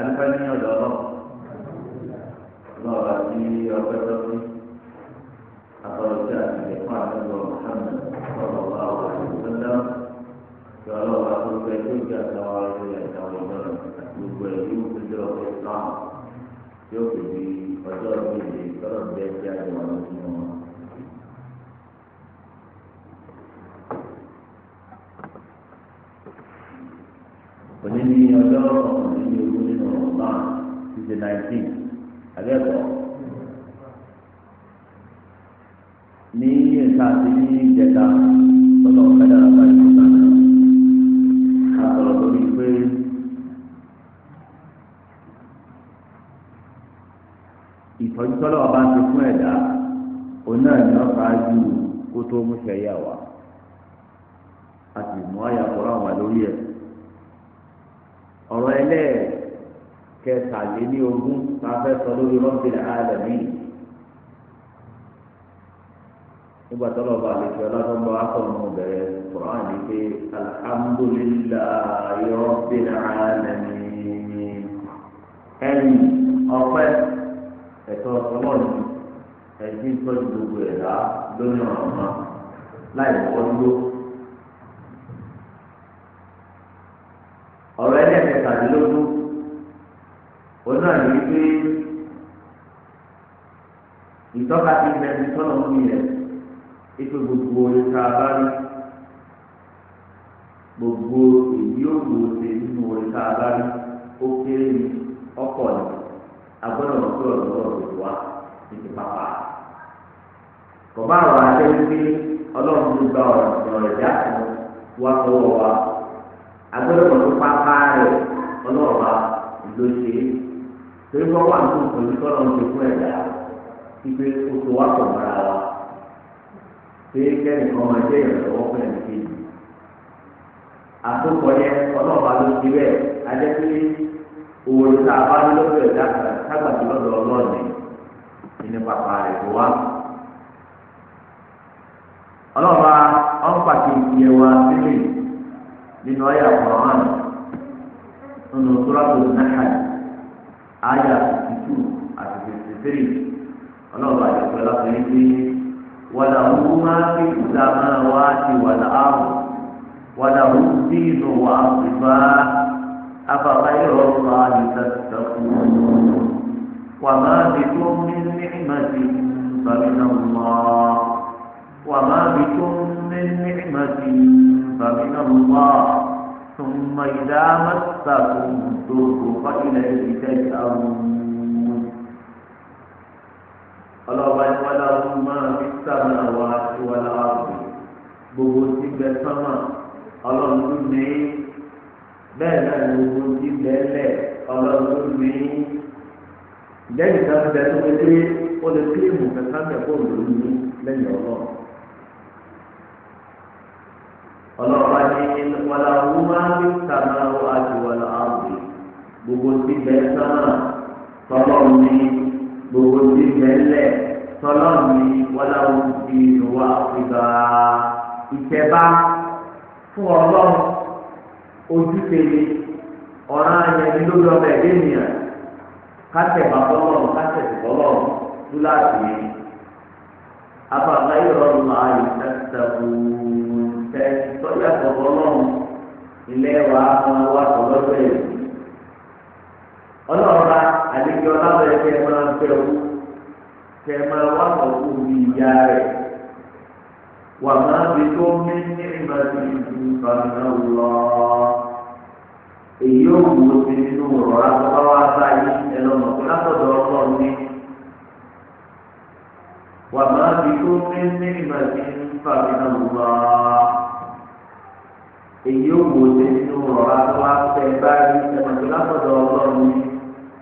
adúpẹ́ ní ọ̀dọ̀ ọlọ́run lọ́wọ́ àti ọpẹ́ lọ́sí àtọ̀rọ̀sí àti ẹ̀kọ́ àtọ̀rọ̀ mohammed sọ̀rọ̀ wà wà lọ́dọ̀ kí ọlọ́wọ́ àtúnṣe tó jẹ́ àtàwọn ọ̀rẹ́ àtàwọn ọ̀dọ́rọ̀ gbogbo ẹ̀ yóò fi jọ ọ̀rẹ́ islam yóò fi di ọjọ́ ìgbèlè sọ̀rọ̀ bẹ́ẹ̀ tí a jọ wọn lọ́sí wọn. Òní ni ọjọ́ ọ̀rọ̀ the nineteen àbẹ́ẹ̀kọ́. sọ lórí rọ́bìlì nígbà tó lọ́ba àlejò ọlọ́dún bá sọ̀rọ̀ mọ́ bẹ̀rẹ̀ kùrán ní pé alhamdulillahi rọ́bìlì àlẹ́mí ẹ̀yìn ọ̀pẹ́ ẹ̀tọ́ ọlọ́run ẹ̀sìn tọ́jú gbogbo ẹ̀dá lórí láì wọ́ dúró. ọ̀rọ̀ ìtọ́ka ti bẹ̀rẹ̀ ní tọ́lọ̀ ń bí rẹ̀ ipe gbogbo ìta bá rí gbogbo èyí òwò ṣe nínú ìta bá rí ó kéré ní ọkọ̀ ní agbọ́dọ̀ ọ̀tí ọ̀dọ́ ọ̀dọ́ wa ní ti pápá. kọ̀bá àwọn adé wípé ọlọ́run ti gba ọ̀rọ̀ ìjà kan wá sọ́wọ́ wa agbọ́dọ̀ ọ̀tí pápá rẹ̀ ọlọ́ọ̀ba ló ṣe é torí wọ́n wà nínú ìpèsè tọ́lọ̀ ń ṣe fún ẹ̀dá. ibi oṣù wa pọ̀ mọ́ra wa pé kẹ́nìkan máa jẹ́ ìrànlọ́wọ́ fún ẹ̀mí kejì àtòkọ yẹn ọlọ́ọ̀bá ló ti bẹ́ẹ̀ adẹ́pẹ́lẹ́ òwò tá a bá lọ́dọ̀ ẹ̀dá kágbàtí lọ́dọ̀ ọlọ́ọ̀nì ìní pàpà rẹ̀ tó wá. ọlọ́ọ̀bá ọ̀n ìyẹn wa sílẹ̀ nínú ọ̀yà kọ̀ọ̀hán nínú náà àyà àti ọlọ́run bá yẹn pẹ̀lú àti wípé wàlà òun máa fi kúta máa wá sí wàlà àrùn wàlà òun sí inú wà àfìfá afàfà yọrọ ọ̀rọ̀ àdìsàkùn wà máa fi tó ní nìmàtì bàmínà mọ́ wà máa fi tó ní nìmàtì bàmínà mọ́. ثم إذا مسكم الضر فإليه تجأرون ọlọ́ba ní wọ́n lọ fún máa fi sàmà wá sí wọn lọ́wọ́ gbogbo tí bẹ sọ́mà ọlọ́run tún ní bẹ́ẹ̀ náà ní gbogbo tí bẹ lẹ̀ ọlọ́run tún ní lẹ́yìn náà bẹ tó fi dé ó lè kílèmù kẹta bẹ kó lẹ́yìn ọlọ́run. ọlọ́ba ní wọ́n lọ fún máa fi sàmà wá sí wọn lọ́wọ́ gbogbo tí bẹ sọ́mà tọ́lọ́run ní gbogbo ti lẹ́lẹ̀ tọ́lọ́ọ̀mì wọ́láwó ti wá ìgbà ìtẹ́bá fún ọlọ́run ojúṣe ni ọ̀ràn ayẹyẹ lórí ọbẹ̀ lẹ́nìyàn kásẹ̀ bàbọ́lọ́run kásẹ̀ bọ́lọ́run túláàsì yẹn abàbá ìrọ̀rùn máa yọ sẹ́sẹ̀kù tẹ́ tọ́jà bọ̀bọ́lọ́run ilé wa máa wà lọ́dọ̀ yìí ọlọ́ọ̀ba àlejò ọlọ́ọ̀ba ẹ̀kẹ́ ẹ̀ máa ń fẹ́ owó kẹ́ ẹ máa wá òkú ní ìyá rẹ̀ wà máa fi tó mí ní ìbàdí ìfàmìnà lọ. èyí ò wù ó ti nínú ọ̀rọ̀ àtọ́wá wá báyìí ẹlọ́mọ̀ pé látọ̀dọ̀ ọlọ́run ní. wà máa fi tó mí ní ìbàdí ìfàmìnà lọ. èyí ò wù ó ti nínú ọ̀rọ̀ àtọ́wá fẹ́ báyìí ẹlọ́mọ̀ pé látọ̀dọ̀ ọlọ́run ní.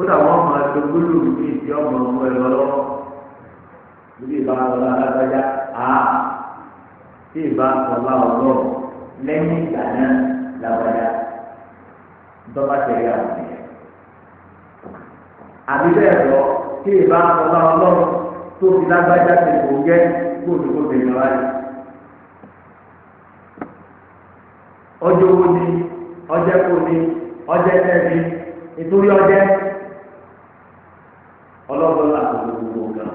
kódà wọn máa tó gbólóhùn ní ìdí ọmọ ọmọ ẹ lọ́wọ́ níbi ìbára lọ́la alágbájá a tí ìbá ọba ọlọ́ lẹ́yìn ìgbà náà lágbájá dọ́gba tẹ̀lé àwọn ẹ̀. àbí bẹ́ẹ̀ lọ tí ìbá ọba ọlọ́ tó fi lágbájá ti kò gẹ́ kóòtù kó bẹ̀rẹ̀ wáyé. ọjọ́ wo ni ọjọ́ kò ní ọjọ́ tẹ̀lé nítorí ọjọ́ ọlọ́gbọ́n náà kò gbogbo kan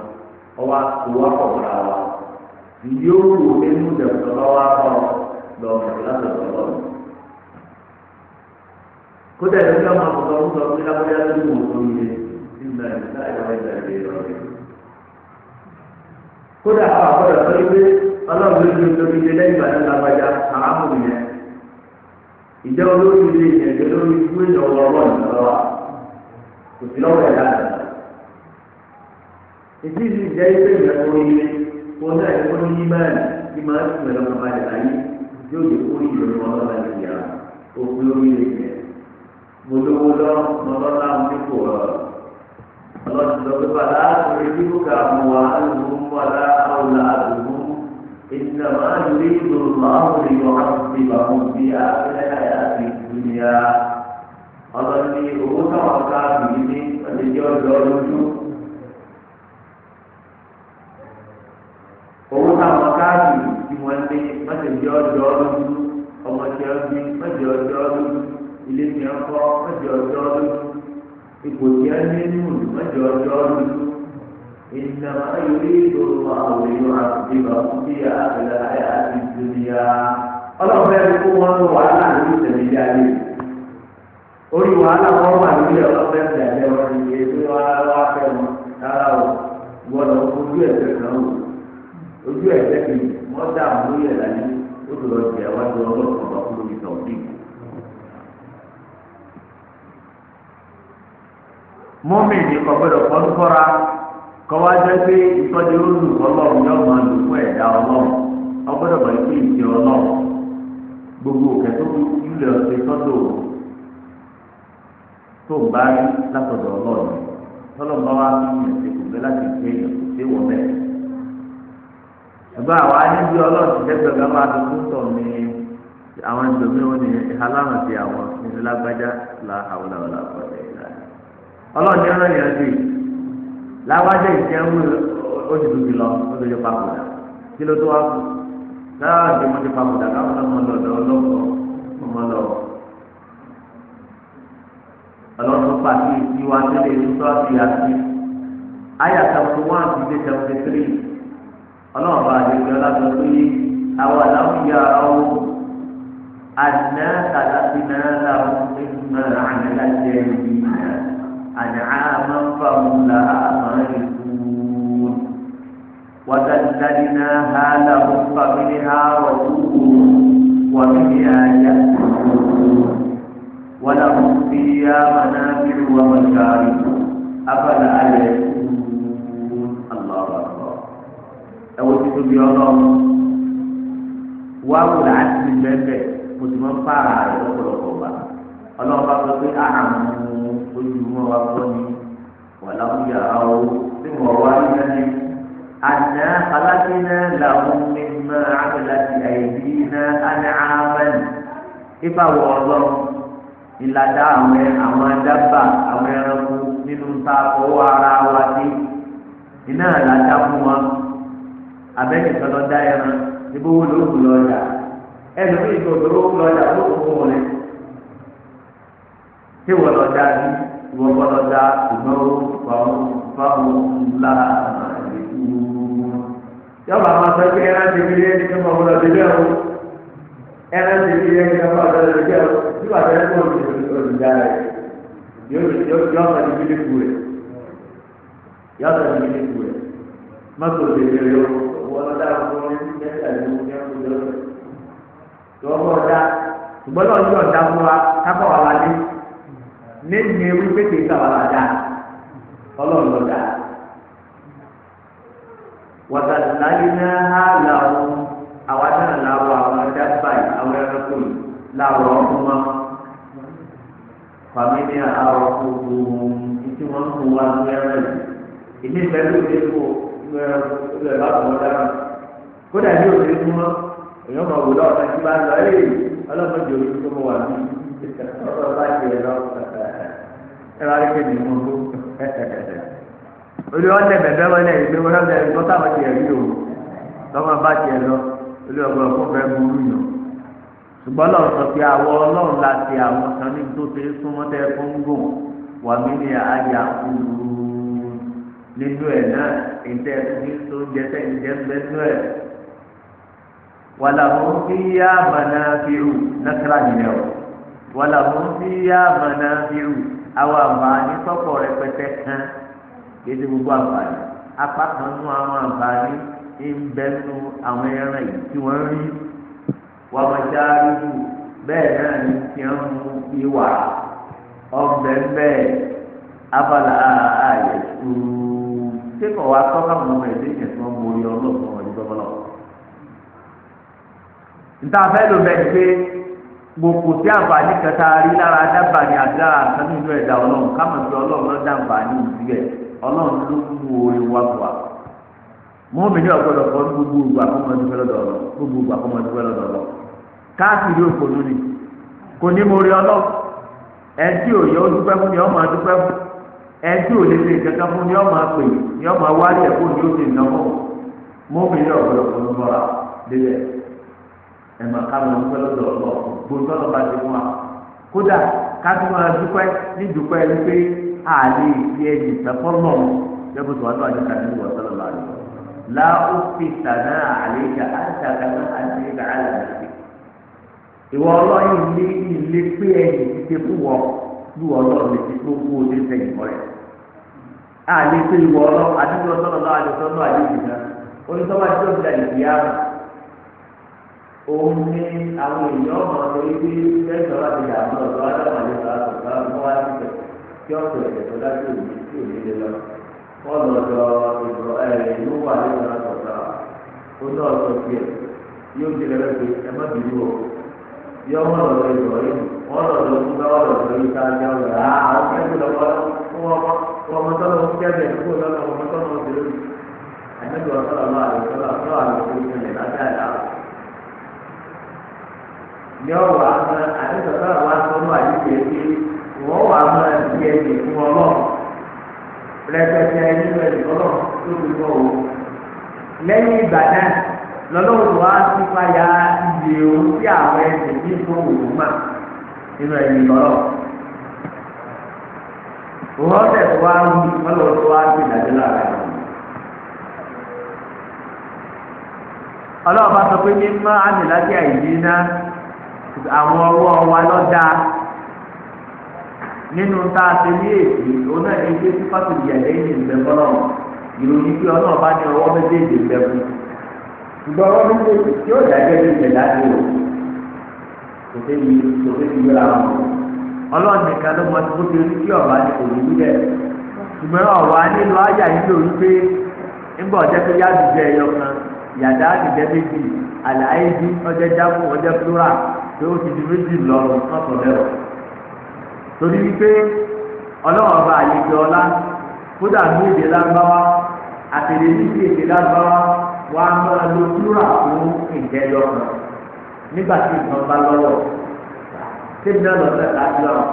ọwọ́ àtúwọ́ kọ̀ọ̀ra wa ìdí òwò ẹnu dẹ̀kọ̀ lọ́wọ́ akọ lọ́ọ̀rọ̀ látọ̀tọ̀ lọ́wọ́. kódà ìlú kí ọmọ àkọ́kọ́ ń sọ pé lábọ́yá ló mọ̀ tó ń yẹ nígbà ìgbà ìgbà ìgbà ìgbà ìgbà kódà àwọn àkọ́dọ̀ sọ pé ọlọ́run ló ń tóbi dé lẹ́yìn ìgbà nígbà àrámù yẹn ìjẹ́ olórí ìdí ìdí ìjẹ́ ìpè ìyàwó ilé wọn náà ní wọn ní báyìí ní máa ń sùn ẹ̀rọ ọba rẹ̀ láyé yóò lè kó ìròyìn wọn lọ́la ti yà òkú lórí ilẹ̀ mo lówó lọ mo lọ́la mo ní kò rọ̀ ọlọ́dún lọ pé bàtà àtúnyẹ bí kò kà mọ̀ wá àlùkò mọ̀ wá àwòlà àdùnkù ìdìnnàmọ́ máa ń wòlé yọ àti ìbàmù bí abẹ́rẹ́ àyà owó táwọn káàdì tí wọ́n ní mọ́tẹ̀jẹ́ ọjọ́ lójú ọmọdé ọdún mọ́tẹ̀jẹ́ ọjọ́ lójú ilé tí wọ́n kọ́ mọ́tẹ̀jẹ́ ọjọ́ lójú ipò tí wọ́n ní nù mọ́tẹ̀jẹ́ ọjọ́ lójú ìnáwó ayọ̀lẹ́ ìṣòro àwọn èèyàn àti ìbáwọ̀ bí i àgbẹ̀lẹ̀ ayé àti ìdúnyà ọlọ́run bẹ́ẹ̀ ni kó wọ́n lọ wàhálà lórí ìtẹ̀lẹ́lẹ́ ayé orí wàhálà wọn wà lórí ọlọ́run bẹ́ẹ̀ ni àjẹwọ́n ni èyí tó wá wá fẹ́ wọn o gbọ́dọ̀ ojú ẹ̀fẹ̀ kan o ojú ẹ̀jẹ̀ kì í wọ́n dá àwọn olóyè láyé ó tó lọ sí ẹ̀wájú ọlọ́ọ̀kan bá kúrò ní tọ̀gbìn. mọ́mì ní kọ̀gbọ́dọ̀ kọ́nú kọ́ra kọ́wá jẹ́ pé ìtọ́jú olùdù ọlọ́run yóò máa lò fún ẹ̀dá ọlọ́run ọgbọ́dọ̀ bọ̀ ikú ìdí ọlọ́run gbogbo òkè tó kú ilẹ̀ ọ̀sẹ̀ tọ́jú tó ń bá rí látọ̀dọ̀ ọlọ́run tọ́lọ́ bá wá fún ìyẹn ṣe kò fẹ́ láti fẹ́ ìyẹn kò sí wọ́n bẹ́ẹ̀ ẹgbẹ́ àwa níbi ọlọ́ọ̀tì lẹ́gbẹ̀ẹ́ bá máa fi kú sọ ní àwọn ìdòmí wọn ní aláwọ̀ sí àwọn nínú lágbájá la àwòlàwòlà ọ̀sẹ̀ ìlànà ọlọ́ọ̀tì ọ̀rọ̀ yẹn sì láwájá ìjẹun oṣù tó lọ ó tó yẹ papòdà kí ló tó wá kú láwọn àti ọmọdé papòdà káwọn ọmọ lọ́dọ̀ ọlọ́pọ̀ ọmọ lọ ọlọ́run pàṣẹ ìtiwa tẹ́lẹ̀ ní sọ́ọ̀tì àti àyà seventy one ọlọ́run bá àdéhùn ọlá sọ pé àwọn aláwọ̀ yà áwọ̀ àná kàlábí náà làwọn ẹgbẹ́ àná láti ẹ̀yìn náà àná àmọ́ fáwọn làámọ́ ẹ̀kún wàtàlídàdínà hà làwọn fàmílì hà wà wọ̀túkù wàmílì àyà wàlàwọn fìyà mànà bí wàmọ̀ṣárì abala ayẹ̀kún. ẹ̀wọ̀n ti tóbi ọlọ́run wá wò láti ní bẹ́ẹ̀ mo ti máa ń fara rẹ̀ lọ́pọ̀lọpọ̀ wa ọlọ́run bá sọ pé àhàmù ojúmọ́ wa kọ́ ni wàlá ń yà á o tí mo wá rí àná alágbèéná làwọn mímọ́ àgbẹ̀láti àìdí náà àmàlì ipa wọ ọlọ́run ìlàdá àwọn àwọn adábà àwọn ẹranko nínú ta ọwọ́ ara wa dé iná ìlàdá fún wa abẹ́ni kan lọ dá ẹran ibi owó ló kù lọ́jà ẹnu bí ìgbà òdòdó kù lọ́jà ó kù fún wọn lẹ. tí wọ́n lọ dá bí wọ́n kọ́ lọ dá ìgbọ́n fáwọn fáwọn ńlá yọba àwọn sọ pé ẹran ti fi ẹni kí wọn lọ sí bẹ́ẹ̀ o ẹran ti fi ẹni kí wọn lọ sí bẹ́ẹ̀ o tí wàá fẹ́ kó olùdá rẹ yóò yọ ọ̀sán ìbílẹ̀ kù rẹ̀ yọ ọ̀sán ìbílẹ̀ kù rẹ̀ mọ́tò òṣèlú rẹ̀ yóò jẹ́ pẹ̀lú jẹ́ pẹ̀lú rẹ̀. Lọ́wọ́ ọ̀dà ṣùgbọ́n náà ní ọ̀dà fún wa kápọ̀ wà lálé. Lẹ́yìn ewu pépè kàwá là dáa. Ọlọ́run lọ dáa. Wàtàlálí náà há làwọn àwa náà làwọ̀ àwọn ẹja báyìí àwọn ẹranko yìí làwọ̀ ọ̀hún wọn. Fàmílì àwọn ọkùnrin tí wọ́n ń mú wa ní ẹran yìí. Ilé ìfẹ́ ló dé kó ẹran tó lè bá wọn dára kódà bí òde kú mọ́ èèyàn máa wò lọ́wọ́ náà tí bá lọ ẹ́ ọlọ́mọ jò ní tó mọ wà ní ọ̀rọ̀ bá ti rẹ̀ lọ ẹ wá rí kéde mọ́ tó olú ọ̀dẹ bẹ̀bẹ̀ wọlé ìgbé wọlé ọ̀dẹ ìgbó táwọn ti rí o lọ́mọ bá ti ẹ̀ lọ olú ọ̀gbọ̀n fún fẹ́ mú rú yàn ṣùgbọ́n lọ́wọ́ sọ pé àwọ ọlọ́run la ti àwọn kan ní tó ṣe é súnmọ́ tẹ́ fún gùn wà mí ní àyà kúrú nínú ẹ̀ náà ètò ẹ̀ fún mi tó ń jẹ sẹ́yìn jẹ́ ولهم فيها منافع نكرا نيو ولهم فيها منافع àwọn àǹfààní sọ́kọ̀ rẹpẹtẹ kan kéde gbogbo àǹfààní apá kan nú àwọn àǹfààní ń bẹ nú àwọn ẹran yìí tí wọ́n rí wọ́n mọ̀ já rírù bẹ́ẹ̀ náà ní kí mú ìwà ọ̀bẹ̀ bẹ́ẹ̀ abala ààyè ṣùgbọ́n ṣé kò wá tọ́ka mọ́ ọmọ ẹ̀dẹ́yìn tí wọ́n mú orí ọlọ́ọ̀tún ọ̀dí bọ́bọ́lọ́ọ̀. níta fẹ́ ló bẹ́ẹ̀ ni pé gbogbo tí àǹfààní kẹta rí lára dábàá ní àti lára àtàlù ẹ̀dá ọlọ́run kámọ̀ sí ọlọ́run àǹfààní ìdílé ọlọ́run ló ní ọ̀gbọ́dọ̀ gbogbo ògbà kọ́mọ dúpẹ́ lọ́dọ̀ ọ̀lọ́ gbogbo ògbà lọ́dọ̀ káàkiri kò ní mo rí ẹ̀mọ̀ káwọn ọ̀pẹ lọ́dọ̀ ọ̀lọ́ gbòǹtọ́ lọ́ba ti mú wa kódà kájú máa dúpẹ́ ní dúpẹ́ wípé àlè ìfi ẹ̀yìn ìfẹ́fọ́ lọ́n lẹ́bùtù wọn náà ní kàdé ìwọ sọ́dọ̀ bá lọ. la ó fi tànà àlè ìjà àjà kaná àti ìjà àlè àti ìwọ ọlọ́yin ní ilé pé ẹ̀yìn ti ṣe fún wọn bí wọn lọ́ọ̀ lè ti tó kú ojú sẹ́yìn mọ́ rẹ̀. àlè pé ìwọ ọlọ́ òun ní àwọn èèyàn ọmọ rẹ wípé lẹ́sọ̀ọ́ láti dà mọ́ ọ̀dọ́ ádámà lè sọ àtọ̀tọ̀ àwọn wá síbẹ̀ kí ọ̀sẹ̀ ẹ̀sẹ̀ tó dájú òní tí òní lè lọ. wọ́n lọ sọ ìgbọ̀ ló wà lẹ́sọ̀ọ́ àtọ̀tọ̀ ó náà sọ tiẹ̀ yóò di rẹ̀ pé ẹ má bínú o yọ wọn lọ sọ ìgbọ̀ yìí wọ́n lọ sọ fún bá lọ sọ yìí sáájá wọn rà á àwọn kẹ́kẹ́ lọ́wọ́ wọn mọ tọ́lọ́ wọn kẹ́kẹ́ kó lọ́wọ́ wọn mọ tọ́lọ́ wọn ni ọ wà á mọ àdìsọ́tà wà á sọ́nù àdìsọ́ wọ́n wà mọ ìdí ẹ̀jẹ̀ fún ọlọ́run rẹpẹtẹ nínú ẹ̀jẹ̀ ọlọ́run tó fi kọ́ o lẹ́yìn ìgbà náà lọ́lọ́run wà á ti fàyà iye owó tí àwọn ní mà nínú tó wá ń bí tó wá lára rẹ̀. àwọn ọwọ́ wa lọ́dà nínú tá a ti ní èsì oná ẹgbẹ́ tí fásitì yẹ̀lẹ́ yìí ń bẹ fọlọ́ ìròyìn pé ọlọ́run bá ní ọwọ́ méjèèjì bẹ fún ṣùgbọ́n ọwọ́ méjèèjì tí ó ní kò kò ló mọ tó ti rí kí kò ní í ṣùgbọ́n ọ̀wá yìí lórí pé ńgbà ọ̀jẹ́ pé yá kan méjì àlàyé bí ọjẹ́ jáfún ọjẹ́ pé ó ti di méjì lọ́rùn lọ́sọ̀ lẹ́wọ̀ torí wípé ọlọ́wọ́ bá àyèké ọlá kódà ní èdè lágbáwá àtẹ̀lé ní èdè lágbáwá wà á máa lo túrà fún ìjẹ́ lọ́kàn nígbà tí ìtàn bá lọ́wọ́ tèmi náà lọ sẹ́ka sí ọ̀rọ̀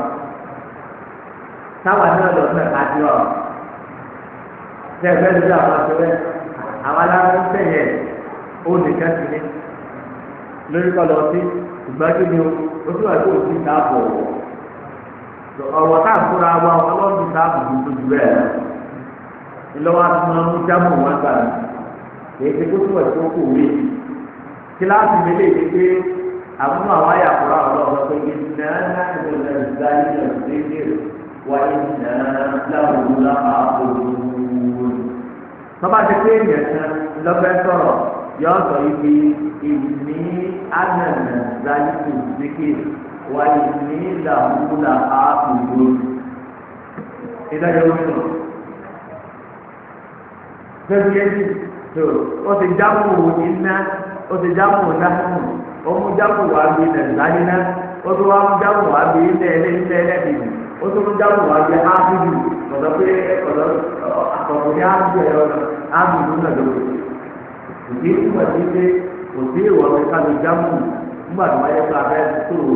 táwa náà lọ sẹ́ka sí ọ̀rọ̀ tẹ̀gbẹ́ lórí àwọn àtẹ̀wẹ́ àwọn aláwọ̀ ń tẹ̀yẹ̀ ó nìkan sí ni lórí kọ́ lọ ìgbàdí ni o tó wà tó o ti dáàbò tá a fúnra wa ọlọ́run ti dáàbò tó tóbi bẹ́ẹ̀ ìlọ́wọ́ àtúmọ̀ ń jámù wọn gbà mí èyí tó kò wí kíláàsì mi lè pé àwọn àwọn yọ sọ ibi ìní ànànà zayitù zikiri wà ìní làwùlà àbùdó ìdájọ́ wíwọ̀ fẹ́ẹ́fẹ́ẹ́sì tó o ti dáàbò iná o ti dáàbò náà o mú dáàbò wà bí nàìjíríà o tó wà mú dáàbò wà bí ilẹ̀ ilẹ̀ ilẹ̀ ilẹ̀ bìbì o tó mú dáàbò wà bí ábùdù ọ̀dọ́ pé ọ̀dọ́ àkọ́kọ́ ní ábùdù ẹ̀rọ ábùdù náà lóko. ìdí nígbà tí pé otu sí ìwọ ní kábi jámù nígbà tí wáyé pé abẹ́ tó ìlú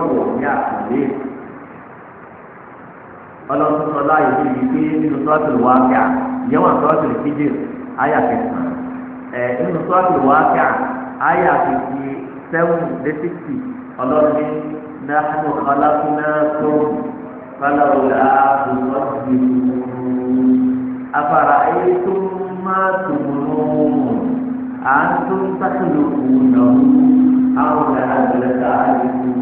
ọ̀wọ̀ ní àkùlé ọlọ́run sọ láàyè tó yìí pé nínú sọ́ọ̀tìlì wá kíá ìyẹn wà sọ́ọ̀tìlì kíjì ayà kẹsàn-án nínú kíá ayà sẹ́wọ̀n ọlọ́run ní nàánú tó àbùkọ́ ti mú afárá ayé tó antum takhluqunahu aw la ta'lamun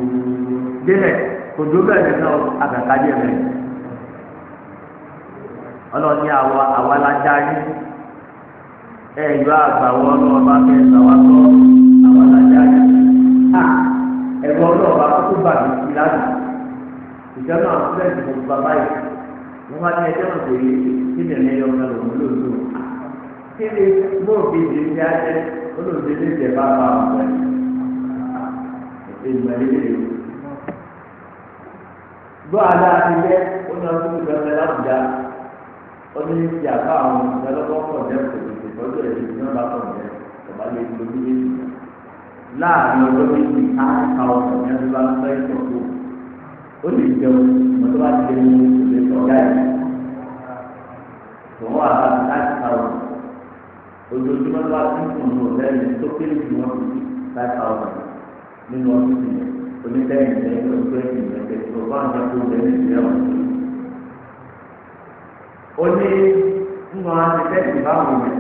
dele ko doga na aga kaje me ọlọ́ni àwa àwa la darí ẹ yọ àgbà wọn lọ bá fẹ́ sàwọn sọ àwa la darí à ẹ̀rọ náà bá kókó bà mí sí lánàá ìjọ náà fúlẹ̀ ìdìbò bàbá yìí kí ni bóòbí ìdí ti á jẹ olóòdì ní ìjẹ bá bá wọn bẹ ìgbà yìí rè o gbọ́ àdá ti jẹ́ ó ní ọdún ìgbà mẹ́ta láwùjá ó ní ti àbá àwọn ìdálọ́gbọ́n pọ̀ jẹ́ kò tètè tọ́jú ẹ̀ ní ìdíná bá pọ̀ jẹ́ ọ̀bá lè lo bí lè jù láàrin ọjọ́ méjì á ká ọkọ̀ ní ẹni bá ń fẹ́ ìtọ́jú ó lè jẹun mọ́tò bá ti jẹun kò lè tọ́jà ẹ̀ tòun àbá láti ká ọkọ̀ ojoojúmọ́ bá dínkù ní ọ̀lẹ́yìn tó kéré jù wọ́n fi five thousand nínú ọdún sí yẹn onídẹ́yìn lẹ́yìn tó ń gbé ìyẹn lẹ́yìn tó bá ń gbé tó lẹ́yìn ìyẹn wọ́n fi. ó ní nínú àtẹ̀tẹ̀sì báwọn yẹn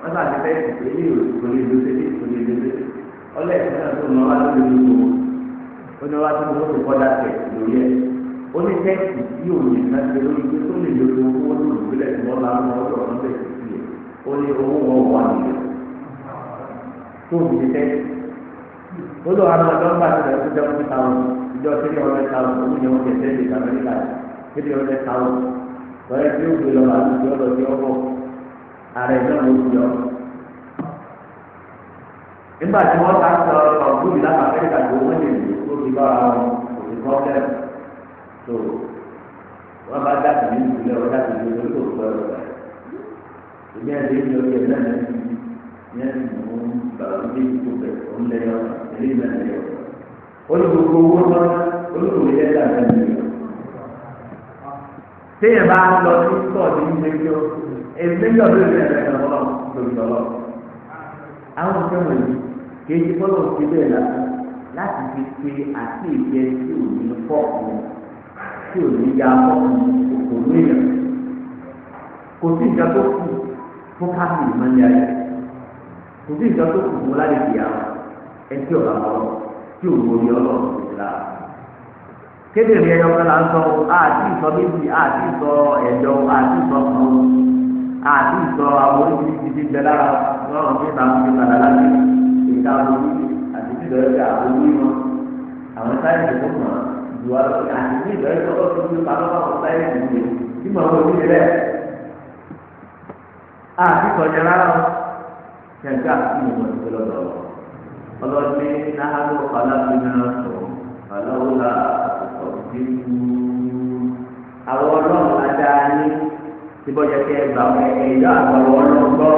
wọ́n bá àtẹ̀tẹ̀sì pé ní òkòlè lóṣèlú òkòlè lóṣèlú ọlẹ́yìn náà tó náà wá lórí gbogbo ó ní wá tó ní oṣù kọ́dà tẹ̀ lórí ẹ̀ ó ní tẹ́sì tí òun náà ṣe lórí pé tó lè lóṣèlú owó lóṣèlú ó ní owó wọn wà nílò tó o ti ó lọ àwọn ọjọ́ ńgbà tó lẹ́kọ́ jẹ́ fún táwọn ìjọ tí wọ́n táwọn òun ni wọ́n tẹ̀sẹ̀ lè gbàgbé nígbà tí táwọn lọ́yẹ́ tí ó gbé lọ àti ìjọ lọ sí ọkọ̀ ààrẹ náà ló ti yọ. nígbà tí wọ́n bá sọ ọ̀gbìn láti Amẹ́ríkà tó wọ́n lè lò ó ti bá wọn kò sí kọ́ńtẹ́ẹ̀ tó wọ́n bá dàbí ní ìpínlẹ̀ wọn dàbí ní olóòtú ọ̀rọ̀ ilé ẹ̀rí ní orí ẹ̀dá ní ní ẹ̀rí mú bàbá mi tó bẹ̀ ó ń lẹ́yọ̀ ẹ̀rí ìlà lẹ́yọ̀ olùkókò owó náà olùkókò ilé ẹ̀dá ní ìlú téèyàn bá lọ sí kọ́ọ̀dù ní ẹjọ́ èmi lọ sí ìlú ẹ̀rẹ́ náà lọ lórí lọ́wọ́ àwọn òṣèlú wọ̀nyí kì í ti bọ́lọ̀ sí bẹ́ẹ̀ la láti fi pe àti ìjẹ tí ò ní fọ́ọ̀kù kò sí ìjà tó kù fún káàkiri ìmọ̀ ní ayé kò sí ìjọ tó kùkù láyé kì á ẹtí ọ̀la ọ̀rọ̀ tí ò wọlé ọ̀rọ̀ ìlà kédèrè ẹyọ kan là ń sọ àti ìsọ méjì àti ìsọ ẹjọ àti ìsọ kan àti ìsọ àwọn oríṣiríṣi ti bẹ lára lọ́rùn tí ìta fi padà láti ìta orí àti ìsọ ẹjọ àwọn orí wọn àwọn sáyẹnsì tó mọ̀ ju àti ìsọ ẹjọ tó ti fi padà lọ́wọ́ sáyẹnsì tó ti mọ̀ wọn orí rẹ̀ àti kọjá rárá o kẹ̀kẹ́ àti ìmọ̀ ti fi lọ́dọ̀ ọlọ́dún ní náhálù ọ̀pálábí náà sọ ọlọ́wọ́lá àtọ̀tọ̀ ti kú. àwọn ọlọ́run ajá ní síbọ̀jẹ́ kẹ́ ẹ gbà wọ́n ẹ̀ yọ àgbọ̀wọ́ ọlọ́run gbọ́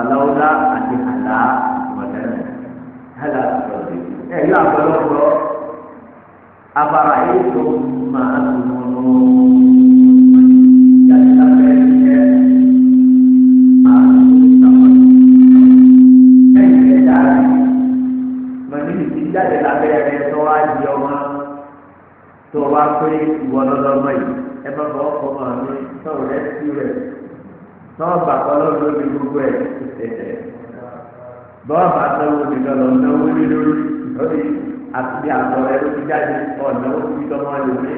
ọlọ́wọ́lá àti àlá ìmọ̀lẹ́ rẹ̀ hẹ́lá àtọ̀tọ̀ ẹ̀ yọ àgbọ̀wọ́ gbọ́ abàrà ètò máa ń mọ̀ wá pé ìwọ lọ́lọ́mọ yìí ẹ bá bọ́ ọkọ mọ̀ mi sọ̀rọ̀ rẹ sí rẹ̀ sọ́ọ̀bà kọ́lọ́ lórí gbogbo ẹ̀ bọ́ọ̀bà sọ́wọ́ mi lọ́lọ́ náwó ní lórí lórí àti àtọ̀ rẹ ló ti jáde ọ̀nà ó fi tọ́mọ lò ní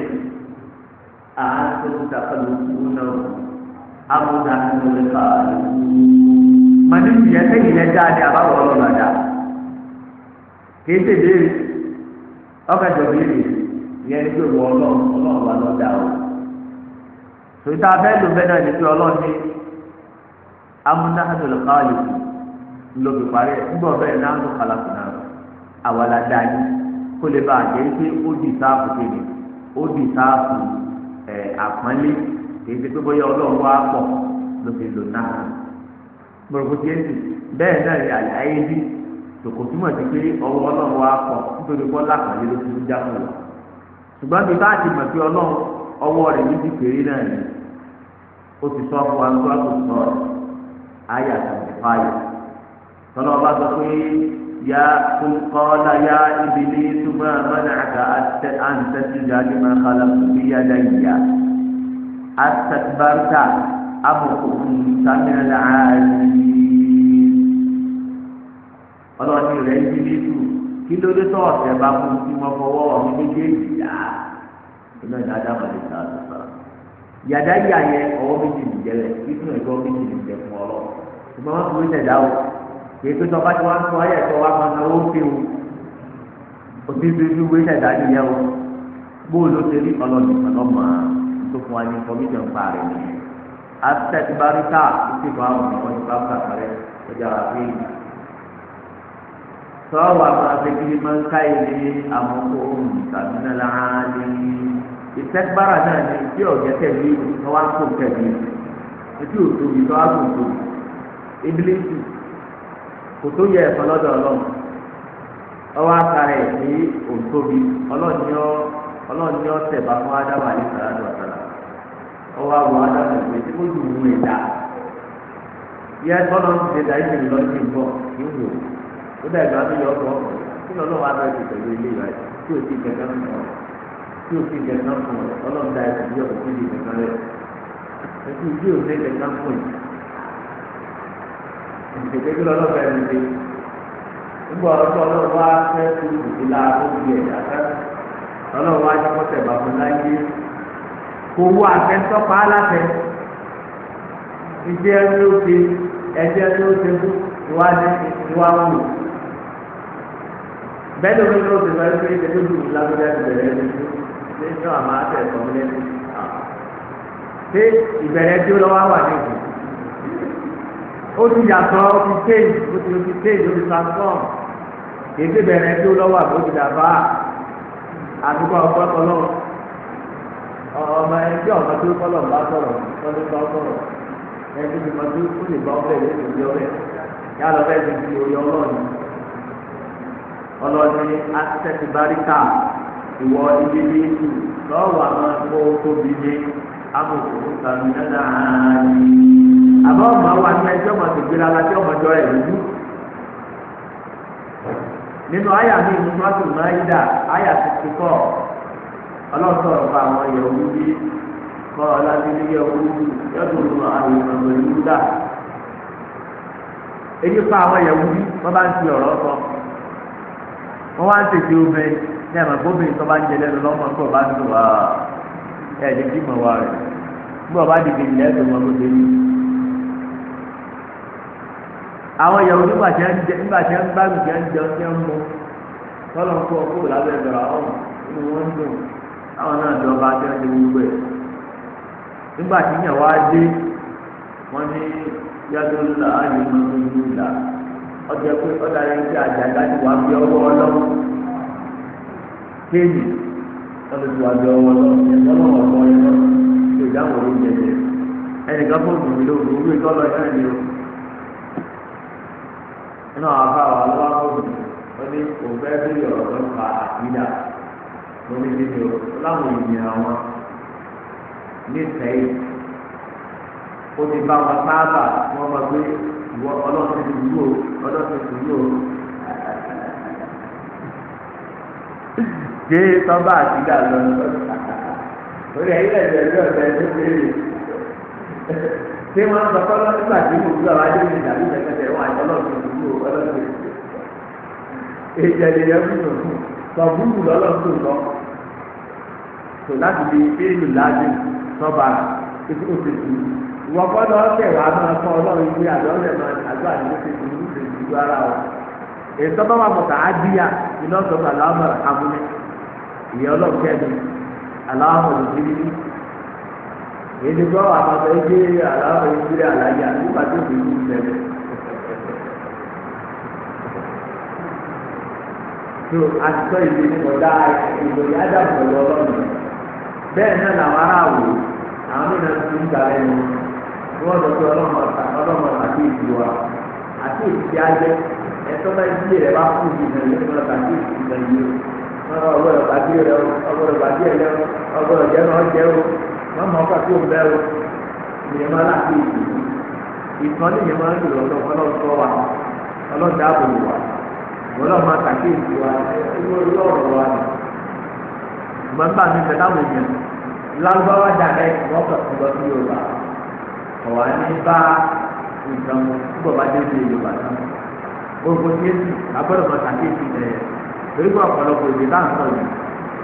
àásù dàpọ̀lù kú náà àbúdà tó lè fà á ìyẹn sẹ́yìn lẹ dáadé àbáwọ̀ ọlọ́ọ̀lọ́dà kì í ṣèbéèrè ọkọ̀ ìyẹn ní pé wọ ọlọ́run ọlọ́run wa lọ́dà o tòun tá a fẹ́ lò bẹ́ẹ̀ náà ní pé ọlọ́run ní amúnáhàdùn lọ́kàlù ńlọbi parí náà la dá yín kó lè bá a jẹ́ pé ó di sáàpù kéde ó di sáàpù ẹ̀ àpọ́nlé kì í ṣe pé bóyá ọlọ́run pọ̀ ló fi lò náà tiẹ̀ sì bẹ́ẹ̀ náà ní àyà ayé bí ṣùgbọ́n bí káàtì mọ̀ pé ọlọ́run ọwọ́ rẹ̀ ní ti péré náà ni ó ti sọ fún wa ní wàá tó sọ ayé àtàwọn fáyà tọ́lọ́ bá sọ pé ya kọ́lá ya ìbílẹ̀ túmọ̀ mọ́nà àgbà àǹtẹ̀síjà ní máa kálá bí ya dá ìyá àtàkùbárítà amòkùnkùn sámìlà ààrẹ ọlọ́run rẹ̀ ìbílẹ̀ tù nítorí tó ọ̀sẹ̀ bá fún mi mo fọwọ́ ọ̀hún méjèèjì yá iná ìdájà máa lè ta àtúntà yàdá yà yẹ ọwọ́ méjì nìjẹ́lẹ̀ ìfún ẹ̀gbọ́n méjì nìjẹ́ fún ọ lọ ìgbọ́n wọn fún ìṣẹ̀dá o kìí pé tọ́ba tí wọ́n ń tún ayé ẹ̀tọ́ wa máa náwó fi o òbí bí bí wọ́n ìṣẹ̀dá nìyẹn o bóòlù ó ti rí ọlọ́dún kan máa tó fún wa ní kọ́míṣọ̀n parí ni asẹ́tìbárítà ìṣèkọ̀ àwọn ọ̀nà ìbáfà kárẹ́ ọjà àfihàn sọ́wọ́ àmàlẹ́kìrì máa ń ká ilé àmọ́kò ohun tàbí náà láàánú ìtẹ́gbára náà ni tí ndị tẹ̀lé tọ́wá kò tẹ̀lé etí òtòbi tọ́wá kò tóbi ibilisi kò tó yẹ ẹ̀fọ́ lọ́dọ̀ ọlọ́run ọwọ́ ẹ̀ ọlọ́ọ̀ni tẹ̀bà fún adáwà ní ọwọ́ àwọn adáwà ìgbé tí ẹ̀dá yẹ ti ó dẹ̀ lọ abẹ́yẹ ọkọ̀ kí lọ́lọ́ wa bẹ̀rẹ̀ ilé rẹ̀ tí o ti gẹ̀gẹ́ ń sọ tí o ti gẹ̀gẹ́ ń sọ ọlọ́run dá ẹ̀sìn bí ọ̀pọ̀ o ti gẹ̀gẹ́ rẹ̀ ẹ̀sìn bí o ti gẹ̀gẹ́ ń kí lọ́lọ́ nígbà ọ̀rọ̀ fẹ́ bàbá láyé kó aláfẹ́ fún ìwádìí bẹ́ẹ̀ ló ń lò ó ti sọ pé ṣe lójú lágbẹ́dẹ́ ìbẹ̀rẹ̀ ẹni ṣé ń tán àmọ́ àtẹ̀ ẹ̀kọ́ mi lẹ́nu ah. ṣé ìbẹ̀rẹ̀ tí ó lọ́wọ́ wà ní ìlú ó ti yàtọ̀ ó ti téèjì ó ti ti téèjì ó ti transform èdè bẹ̀rẹ̀ tí ó lọ́wọ́ àbó ti dàbá àdúgbò ọgbọ́n tọ́lọ́ ọmọ ẹgbẹ́ ọmọ tó kọ́lọ̀ ń bá sọ̀rọ̀ tọ́lú bá sọ̀rọ̀ ẹgbẹ́ ìgbìmọ̀ tó kú lè bá ọ ọlọ́ni asẹ́tì baríkà ìwọ ilé yéésù lọ́wọ́ àwọn kó tóbi dé amòfò tàbí dáadáa àbá ọmọ wa ní ẹjọ́ ọmọ tó gbéra láti ọmọdé ọ̀rẹ́ lójú. nínú àyà mi ní mọ́tò náà yí dà àyà kọ́ àwọn bí kọ́ àwọn dà. pa àwọn bí wọ́n bá ń fi ọ̀rọ̀ wọ́n wá ń tètè obe ní ẹ̀mọ̀ gómìnà tó bá ń jẹ lẹ́nu lọ́mọ kó bá dùn wá ẹ̀ lè fi mọ̀ wá rẹ̀ gbọ́ bá dìde ìlẹ̀ ẹ̀dùn wọn ló dé yìí. àwọn ìyàwó nígbà tí wọ́n jẹ nígbà tí wọ́n ń tí wọ́n mú tọ́lọ̀ ń kó lábẹ́ ọ̀hún wọn dùn àwọn náà nígbà tí ìyàwó ọjọ́ pé ọ̀dà yẹn ti àjàgbá ti wà bí ọwọ́ ọlọ́run kéènì ọ̀dọ̀ ti wà bí ọwọ́ ọlọ́run ẹ̀kọ́ náà ọ̀pọ̀ yẹn lọ sí ìdáhùn orí jẹjẹ ẹnìkan fún òbí ló rú ìtọ́ lọ yẹn ni o nínú àwọn afá wa lọ́wọ́ fún mi ó ní òun fẹ́ bí ọ̀rọ̀ tó ń pa àbídà lórí nínú láwọn ènìyàn wọn ní sẹ́yìn ó ti bá wọn sáábà wọn máa gbé ìwọ ọlọ́sìn ti yí o ọlọ́sìn ti yí o. ṣé sọ́ba àti ìdá lọ orí ẹ̀yìn lẹ́yìn ẹ̀rí ọ̀sẹ̀ tó kéré ṣé wọ́n sọ fọ́lọ́ nígbà tí mo gbé àwọn adé mi dàbí tẹ̀tẹ̀tẹ̀ wọn àti ọlọ́sìn ti yí ọlọ́sìn ti yí èjì ẹ̀yẹ fún tòun sọ búrú lọ́lọ́sìn lọ tò láti fi fíìmù láti sọ́ba ètò òṣèlú. ìwọ gbọ́dọ̀ ọsẹ wàá máa tọ Ọlọ́run ìwé àdọlẹ máa àgbà àdúgbò ṣe ìlú ìlú ara o èso bá wà mọta á iná sọgbà aláwọ abúlé ìyẹ Ọlọ́run kẹbi aláwọ òbírí èdè gbọ́ àmọ́tọ́ ẹgbẹ́ aláwọ ìbírí àlàyé àdúgbà tó fi ìlú tó àtúntò ìlú bẹ́ẹ̀ náà ni wọ́n lọ pé ọlọ́mọ ọ̀tà ọlọ́mọ ọ̀tà bí ìlú wa àti èsì ayẹ ẹ̀tọ́ bá yí rẹ̀ bá kú ìdìbò yẹn lọ́dọ̀ tàbí ìdìbò yẹn ọgbọ́dọ̀ bàbí rẹ̀ ọgbọ́dọ̀ bàbí ẹ̀ lẹ́wọ̀ ọgbọ́dọ̀ jẹ́ náà jẹ́ o wọ́n mọ ọkọ̀ tó ń bẹ́ o ìyẹn máa láti ìdìbò ìtàn ní ìyẹn máa ń lò lọ́dọ̀ ọlọ́dọ̀ wa ọlọ́dọ̀ àbò wa ọlọ́dọ̀ máa tàkì ìdìbò wa lọ́rọ̀ wa gbọ́n bá mi bẹ̀ láwọn èèyàn lárúbáwá ọ̀wá ní bá nǹkan mu púpọ̀ bá dé sí Yorùbá gbogbo jésù agbọ́dọ̀ mọ sàkéèsì rẹ̀ torí pé ọ̀pọ̀lọpọ̀ èdè bá ń sọ yìí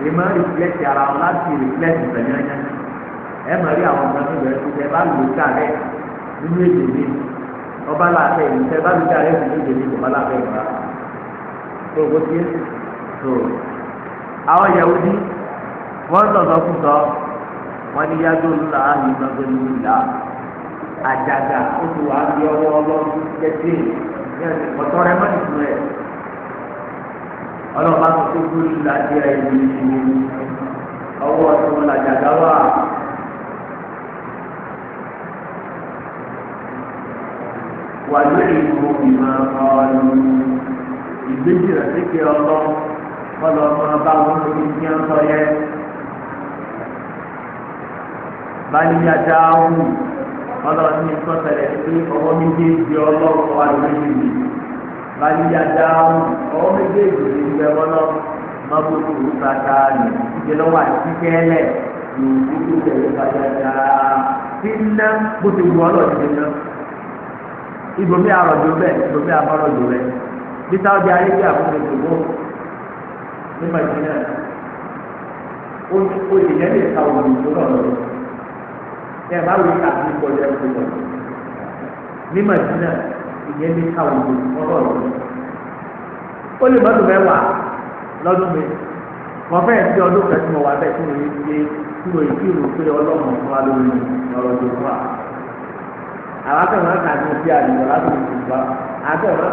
èyí máa ń rìflẹ́tì ara wọn láti rìflẹ́tì ìfẹ̀yányá ẹ máa rí àwọn ọmọ nígbà tó tẹ bá ká rẹ nínú èdè mi ọba bá ká rẹ nínú èdè mi O tó àwọn ní àjàgà ó ti wàá fi ọwọ́ ọlọ́run kẹ́tì ọ̀tọ́ rẹ mọ́ni fún ẹ ọlọ́ba tó tó gbóyè láti ẹ ní ìlú ọwọ́ tó wọn làjàgà wà. wà lórí ìlú ìmọ̀ ọ̀ọ́lù ìgbésí rẹ̀ sékè ọlọ́ kọlọ ọmọ bá wọn lórí ní ọkọ yẹ. bá ní yàtá ọlọ́run ní nǹkan ṣẹlẹ̀ sí ọwọ́ méjèèjì ọlọ́run wà lórí mi báyìí yàda ọwọ́ méjèèjì ní ìgbẹ́ wọlọ́ mọ́bùkù kàkà ní ìjẹ́lọ́ wà síkẹ́lẹ̀ lòdì tẹ̀lé kàkàkà tí ná bó ti wù ọlọ́run ti ná ibòmí àròjò bẹ́ẹ̀ ibòmí àmọ́ròjò rẹ̀ bí táwọn di ayé bí àkókò ìdìbò ní màjínà ó lè yẹn lè ta òòlù tó lọ́rọ̀ rẹ̀. ẹ bá wí ká bí kọjá ẹgbẹ́ wọn ní madina ìyẹn ní káwọn ọmọ ọlọ́rọ̀ yìí ó lè mọdún mẹ́wàá lọ́dún mi wọn fẹ́ẹ̀ sí ọdún tí mo wà bẹ́ẹ̀ tí mo tí mo kí pé fún wa lórí ọ̀rọ̀ tó fún wa àwọn akẹ́wọ̀n náà sí akẹ́wọ̀n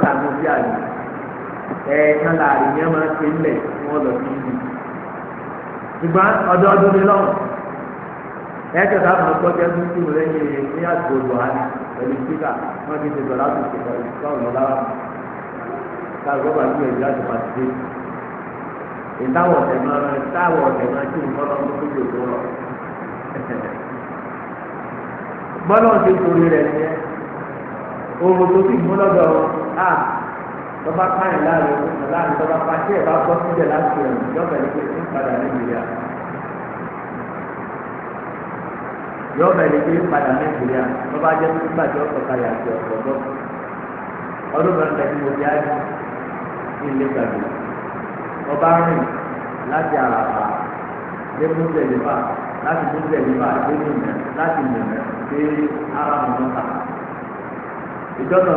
náà sí ẹ̀ẹ̀kan máa ẹ̀jẹ̀ náà mọ̀ kọjá ní tí o lẹ́yìn ní àgbo buhari pẹ̀lú spika wọn ti dìbò láti ṣèkọ ìfọwọ́n lọ́wọ́ káàkó bá tún ẹ̀jẹ̀ láti máa ti dé ìtawọ̀ ọ̀tẹ̀ máa táwọ̀ ọ̀tẹ̀ máa tún nǹkan lọ́wọ́ tó tó tó lọ. bọ́lá ti torí rẹ̀ ní ẹ́ oòrùn tó ti mú lọ́dọ̀ a tọ́ba káyìn láàrin láàrin tọ́ba pàṣẹ ìbá bọ́ yọ bẹ̀rẹ̀ pé padà nàìjíríà tó bá jẹ́ pé gbàdé ọ̀pọ̀ kalẹ̀ àti ọ̀pọ̀ bọ̀ ọdún mẹ́rin tẹ̀sí mo bí gbàgbé ọba rìn láti àràpà dé múzẹ̀lẹ́fà láti múzẹ̀lẹ́fà dé múnà láti múnà dé aramọ̀nọ́ta ìjọ́nà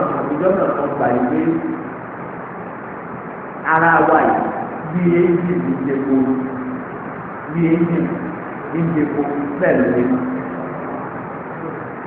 gbà yìí pé ara wa yìí bí ń kó bí ń kó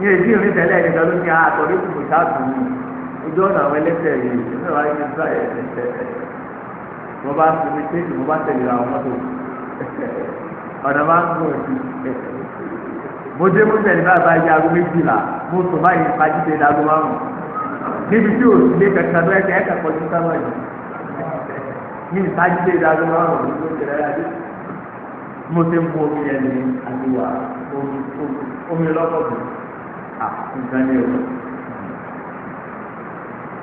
ní èdè òní tẹ́lẹ̀ ẹ̀ka ló ní àtọ̀rí kù kò sáàtù ní ojú ọ̀nà àwọn ẹlẹ́sẹ̀ yìí ní ọ̀rọ̀ ayé nípa ẹ̀ ẹ̀sẹ̀ mo bá fi mi tẹ́lẹ̀ mo bá tẹ̀lé àwọn mọ́tò ọ̀nà máa ń gbọ́ ẹ̀sìn mo dé mo tẹ̀lé bàbá yìí aago méjìlá mo sọ báyìí fagídé láago márùn níbi tí òsì lé kankan lọ ẹ̀ka ẹ̀ka kọjú sáwọn yìí ní fagídé láago márùn ní mo tẹ̀lé ayé mú omi yẹn ní àdúrà omi lọ́kọ̀ọ̀kan. nǹkan ní o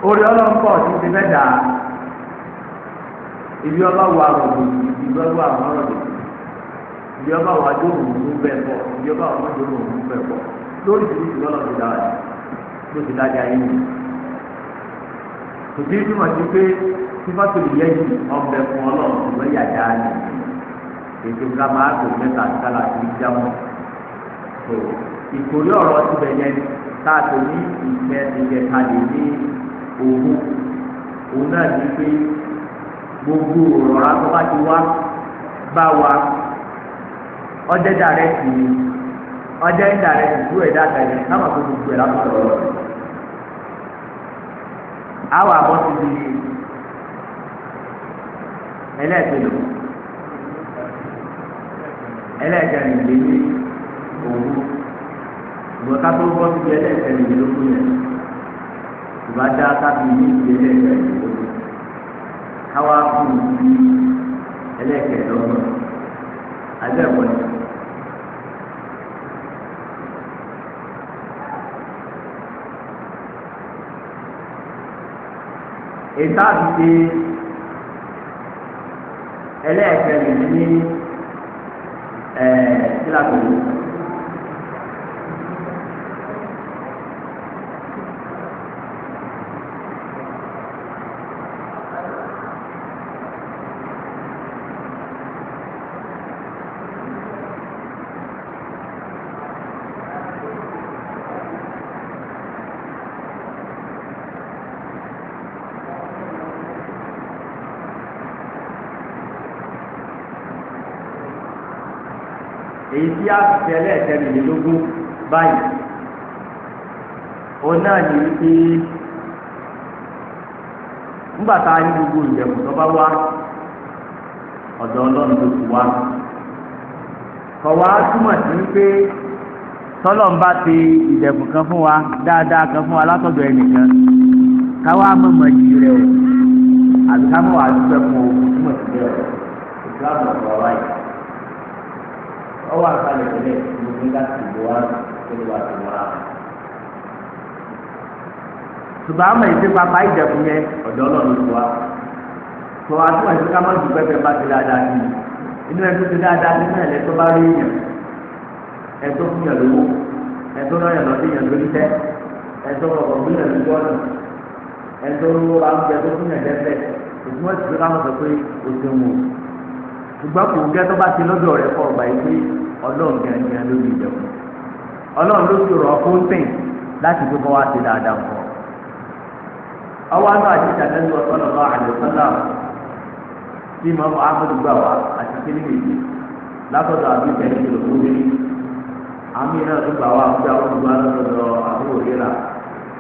orí ọlọ́pọ̀ ti ti fẹ́ dà ibi ọlọ́wọ́ àròdò ibi ọlọ́wọ́ àmọ́rọ̀dò ibi ọlọ́wọ́ adó òmùmú bẹ́ẹ̀ pọ̀ ibi ọlọ́wọ́ àmọ́dé òmùmú bẹ́ẹ̀ pọ̀ lórí ìdílé ìlú ọrụ dára ló ti dájà yín ni sí pé ọbẹ̀ fún ọlọ́run ni ètò máa tó mẹ́ta kálá sí jámọ́ ìkórè ọ̀rọ̀ síbẹ̀ yẹn tá ní ìfẹ́ ìjẹ̀kalẹ̀ ní òwú òun náà ní pé gbogbo ọ̀rọ̀ tó bá ti wá bá wa ọjẹ́ dàrẹ́tì ni ọjẹ́ dàrẹ́tì tó ẹ̀dá tẹ̀lé káwọn tó gbogbo ẹ̀ lápá lọ́wọ́ àwọn ti di ìwọ̀n ká tó ń bọ́ síbi ẹlẹ́ẹ̀kẹ́ nìyí ló kú yẹn ìbá dá kábíyì ní ìdí ẹlẹ́ẹ̀kẹ́ nìyí ló kú káwá kú ní ẹlẹ́ẹ̀kẹ́ lọ́gbọ̀n alẹ́ ẹ̀kọ́ ni. ètò àti ẹlẹ́ẹ̀kẹ́ nìyí ní ẹ̀ẹ́dínláàbò tí a fi tẹ́lẹ̀ ẹ̀ẹ́dẹ́gbẹ̀lélógún báyìí òun náà ní wípé nígbà tá a ní gbogbo ìyẹ̀wò tó bá wá ọ̀dọ̀ ọlọ́run ló ti wá kọ̀wá túmọ̀ ti ìdẹ̀kùn kan fún wa dáadáa kan fún wa látọ̀dọ̀ ẹnìkan káwá mọ̀mọ́ rẹ̀ o àbí ká mọ̀ wá fún o túmọ̀ sí o ìgbà àbọ̀ ọ̀rọ̀ wáyé. ọwọ́ àkàlẹ̀ tẹ̀lé gbogbo láti ìbò wa nínú wa ti mọ́ra. ṣùgbọ́n àmọ̀ ìṣe bàbá ìjẹ̀kùn yẹn ọ̀dọ́ ọlọ́run ti wá. sọ àtúwọ̀ ìṣe ká má ju pẹ́pẹ́ bá ti dáadáa sí i inú ẹ̀ tó ti dáadáa nínú ẹ̀ lẹ́tọ́ bá rí èèyàn ẹ̀ tó fún yàn lówó ẹ̀ tó náà yàn lọ sí yàn lórí tẹ́ ẹ̀ tó rọ̀rọ̀ fún yàn lójú ọ̀nà ẹ̀ tó rọ̀rọ̀ ṣùgbọ́n kò gẹ́ tó bá ti lọ́dọ̀ rẹ̀ fọ́ ọgbà yìí pé ọlọ́run gẹ̀ẹ́gẹ́ ló lè dẹ̀kun ọlọ́run ló ti rọ̀ fún tẹ̀ láti fi bọ́ wá sí dáadáa fún ọ. ọwọ́ àná àti tí mo mọ gbà wá àti àbí tẹ̀lé àmì náà tó gbà wá lọ́dọ̀ àbúrò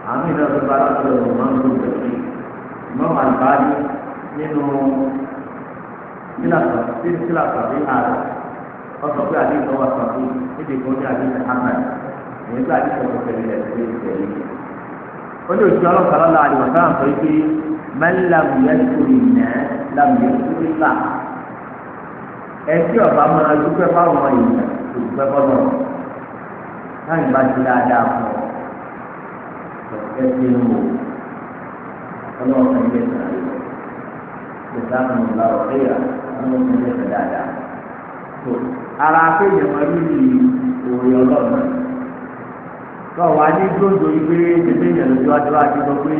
àmì náà tó gbà lọ́dọ̀ sílà sàbí sílà sàbí àrẹ ọsọ pé àdé ìtọ́wà sàbí níbi kan ní àdé ìtàkàmà ìyẹn pé àdé ìtọ́wà sàbí rẹ̀ ṣe ìtẹ̀lé. ó ní òṣìṣẹ́ ọlọ́pàá lọ́la àdìwọ̀ sáà sọ pé mẹ́lẹ́làmùyẹ́ kúrì nẹ́ làmùyẹ́ kúrì là ẹtí ọba máa dúpẹ́ fáwọn èèyàn dúpẹ́ fọ́nà láì bá ti dáadáa fún ọ ẹtí ń wò ọlọ́run ẹgbẹ́ sàrẹ́ ìgbésà kan ń bá ọ ní wọn ní ẹsẹ̀ dáadáa tó ara akéèyàn wọn rí ni òòrè ọlọ́run tó wà ní gbòǹdò yìí pé tètè èèyàn lójú wájú wá ti sọ pé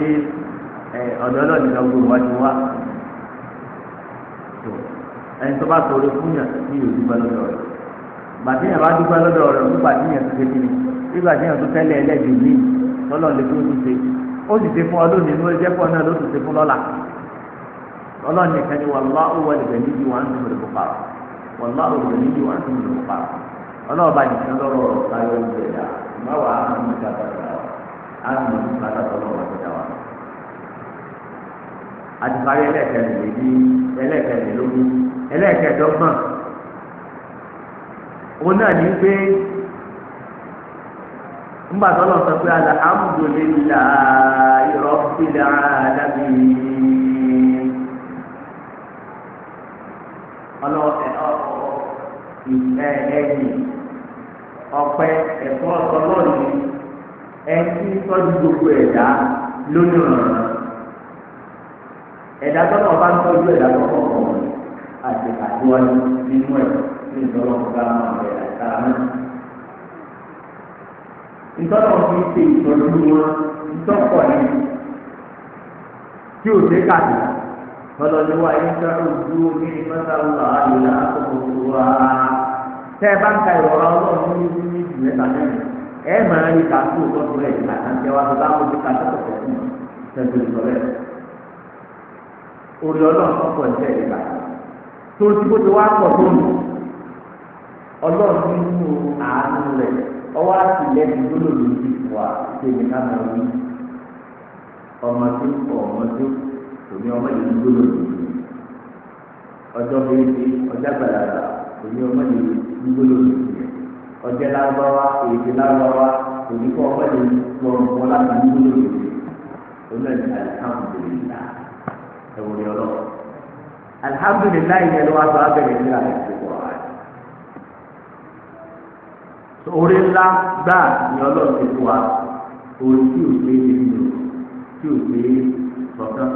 ọ̀dọ́ náà nìkan gbòòrò wájú wá tó ẹni tó bá sọ̀rọ̀ fún yàn ní ìlú bá lọ́dọ̀ rẹ̀ gbàtí yàn bá dúpẹ́ lọ́dọ̀ rẹ̀ nígbà tí yàn tó ṣe kí ni nígbà tí yàn tó tẹ́lẹ̀ ẹlẹ́gbẹ̀ẹ́ mi lọ́lọ́ ó ti ṣe ó ti ṣe fún ọ lónìí ló jẹ́ pọ̀ náà ló ti ṣe fún lọ́la. ọlọ́run nìkan ni wallahu wal ghani wa antumul fuqara wallahu wal ghani wa antumul fuqara ọlọ́run bá nìkan lọ́rọ̀ káyọ̀ ọ̀gbẹ̀ dà má wà á mú kàtà dà á mú kàtà tọ́lọ̀ wà dà wà. àtìparí ẹlẹ́kẹ̀ẹ́dẹ́gbẹ̀ẹ́dì ẹlẹ́kẹ̀ẹ́dẹ́lógún ẹlẹ́kẹ̀ẹ́dọ́gbọ̀n òun náà ní pé ńgbà tọ́lọ̀ sọ pé alhamdulillahi rabbil alamin. ọlọ́ọ̀tẹ̀ ìfẹ́ ẹ̀yìn ọ̀pẹ ẹ̀kọ́ ọlọ́ọ̀ni ẹtí tọ́jú gbogbo ẹ̀dá lónìí ọ̀nà ẹ̀dá tọ́nà ọba ń tọ́jú ẹ̀dá tọ́kọ̀ ọ̀hún àti àdúwájú nínú ẹ̀ ní ìtọ́nà ọba ọ̀rẹ́ àtàrà náà. ìtọ́nà ṣe ìtọ́jú wọn ni tí ṣe kàdé. lọ́dọ̀ ni wà ní sọ́run ju ní mọ́tàlá àyùlá àkókò wa. tẹ́ ẹ bá ń ka ìrọ̀rọ̀ ọlọ́run ní ní ní ìlú ẹ̀ka lẹ́yìn ẹ máa rí kàtó ìtọ́jú rẹ̀ àtàǹtẹ̀ wa tó bá wọn ti kàtó ọ̀pọ̀ fún un tẹ̀sán ìtọ́ rẹ̀. orí ọlọ́run kọ́kọ́ ìtẹ́ ìgbà tó ti bó ti wá pọ̀ tó nù ọlọ́run nínú àánú rẹ̀ ọwọ́ àtìlẹ́yìn lólòlù ti wà ṣe ìdíkàmọ́ ọmọ tó kọ̀ ọmọ tó k òní ọmọ yìí gbóná lòdì ọjọ́ méjì ọjọ́ gbàdàgbà òní ọmọ yìí gbóná lòdì ọjọ́ lágbáwá èdè lágbáwá òní kọ́ ọmọ yìí gbọ́n kọ́ láti gbóná lòdì òní ẹ̀jẹ̀ alihamudulilá ẹ̀wọ̀n yọ̀ lọ. alihamudulilá yẹn ló wá sọ abẹ́rẹ́ ní àlẹ́ ìdókòwò rẹ̀. orí ńlá gbáà ni ọlọ́run ti fún wa orí tí ò pé nínú tí ò pé sọ́kàn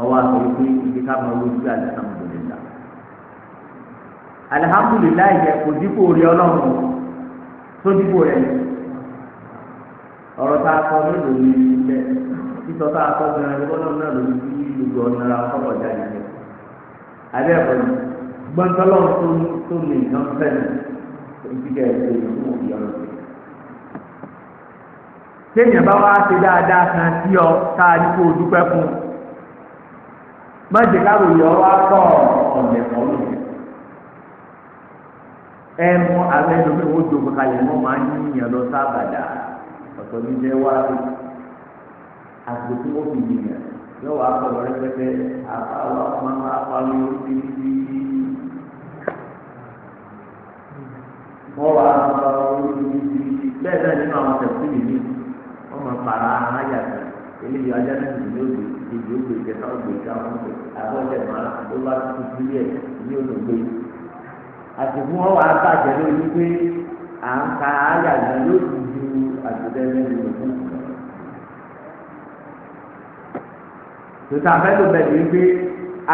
ọwọ́ àtọ̀wé pé ibi ká máa wọ́n sí alihamudulila alihamudulila yẹ kò dípò rí ọlọ́run tó dípò rẹ ọ̀rọ̀ tá a kọ́ lónìí ní ilẹ̀ títọ́ tá a kọ́ gan-an ní bọ́lá náà lórí bí gbogbo ọ̀nà ara ọkọ̀ jáde jẹ abẹ́ ẹ̀kọ́ ni gbọ́ntọ́lọ́ tó ní nǹkan fẹ́ẹ̀ ìdíkẹ́ ẹ̀sẹ̀ ìlú ìyọ̀rọ̀ sí téèyàn bá wá ṣe dáadáa kan sí ọ tá a ní kó fún májè káwòye ọwọ́ akọ́ ọ̀lẹ̀ kọ́lù ẹ mú alẹ́ lómi owó tó fún kalẹ̀ mọ́ máa ń yíyan lọ sábàdà ọ̀tọ̀ ní ilé wa àgbò tí wọ́n fi yíyan yóò wá kọ́ lọ rẹpẹtẹ àpáwọ́ ọmọ apáwọ́ orí bí wọ́n wá kọ́ orí bí bẹ́ẹ̀ náà nínú àwọn tẹ̀síìlì mi wọ́n máa fara ayàtọ̀ eléyìí ajá náà ní yóò gbé ìdíje ó gbé ìkẹta ó gbé ìka ó gbé àbọ̀jẹ̀ máa ó bá tuntun sílẹ̀ ní olùgbé àtìkú wọn wà á bàjẹ́ lórí pé à ń ka àyà náà yóò ti ju àtúntẹ̀ lẹ́nu lòkù. tòtà fẹ́ ló bẹ̀rẹ̀ yìí pé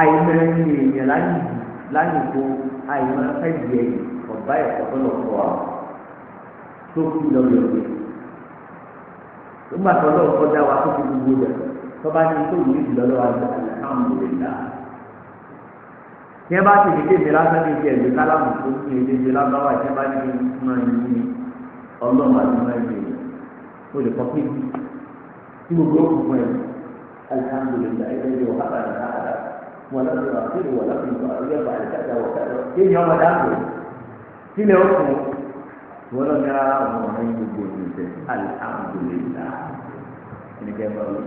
àìmọ̀ẹ́yìn èèyàn láyìn kó àìmọ̀ẹ́fẹ́ yẹ ọ̀bá ẹ̀kọ́ tó lọ tó kú lọ́wọ́ lọ́wọ́ nígbà tó lọ́wọ́ kọjá wa tó fi gbogbo rẹ̀ tọ́ba ní tó yìí jùlọ lọ́wọ́ àti alhamdulillah. tí ẹ bá ti di kéde lásán ní ìdí ẹ̀dùn kálámù tó ti di ìdí lábáwá tí ẹ bá ní máa ń yí ọlọ́run àti máa ń yí o lè kọ́ pé tí gbogbo ó fún ẹ alhamdulillah ẹ lè wọ bàbá rẹ̀ náà wọ́n lọ sí wàá sí ìwọ̀n lọ́sìn ìwọ̀n ẹ̀yẹ́ bàbá rẹ̀ kẹ́kẹ́ wọn lọ ní ara wọn wọn ní gbogbo ìgbésẹ alihamudulila ẹni kẹ bá wọn.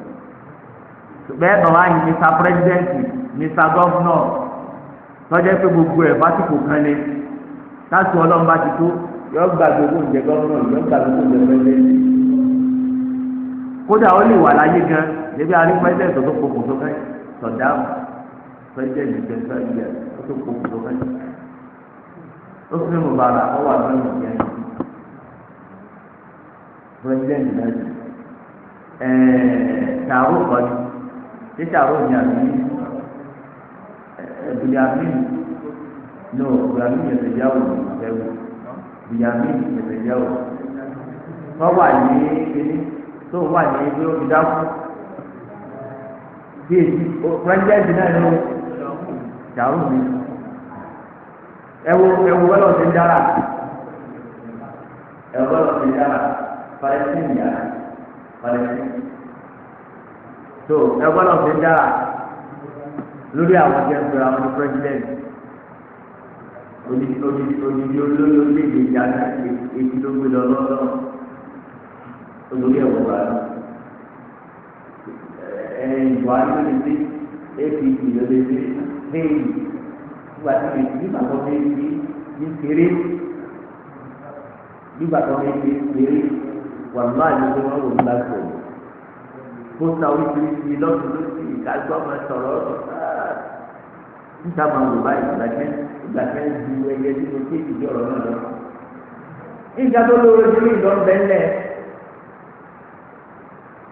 bẹ́ẹ̀ bàbá yìí mr president mr governor tọ́jà pé gbogbo ẹ̀ fásitì kan ni láti ọlọ́run bá ti tó yọ gba gbogbo ǹjẹ́ governor yọ gba gbogbo ǹjẹ́ president. kódà ó lè wà láyé gan débi àrí president tó tó kókò tó kẹ́ tọ̀dá president ìgbésẹ̀ ìgbésẹ̀ tó tó kókò tó kẹ́ ó sì mú bàrà ọwọ́ àgbẹ̀wò ìgbésẹ̀. president náà ti ẹ̀ẹ́ taro kọ́ ni ṣé tààrọ̀ ni àbí no bìyàmín yẹ̀fẹ̀yàwó ẹ̀wù bìyàmín yẹ̀fẹ̀yàwó wọ́n wà ní kíní tó wà ní ilé olùdákú bíi president náà ló tààrọ̀ mi ewu ewu wẹ́lọ̀ ti Palestine ya Palestine so ẹgbẹ́ náà fi ń dára lórí àwọn jẹ́ pé àwọn ní president odidi olórí orílẹ̀-èdè ìjàdá èyí ló gbé lọ lọ́dọ̀ olórí ẹ̀wọ̀n bá lọ ìwà lórí sí apc lórí sí lẹ́yìn nígbà tí mi ní bàbá mi ní kéré nígbà tó mi ní kéré wàlúwà ni wọ́n wọ́n wò nígbà tó yẹ kó ta oríṣiríṣi lọ́sùn lọ́sùn ìkájọ́ máa sọ̀rọ̀ ah. níta máa wò báyìí ìgbà tẹ́ ìgbà tẹ́ ń di ẹyẹ tí mo kéèkì bí ọ̀rọ̀ náà lọ. níta tó lóore tí mi lọ bẹ́ẹ̀ lẹ̀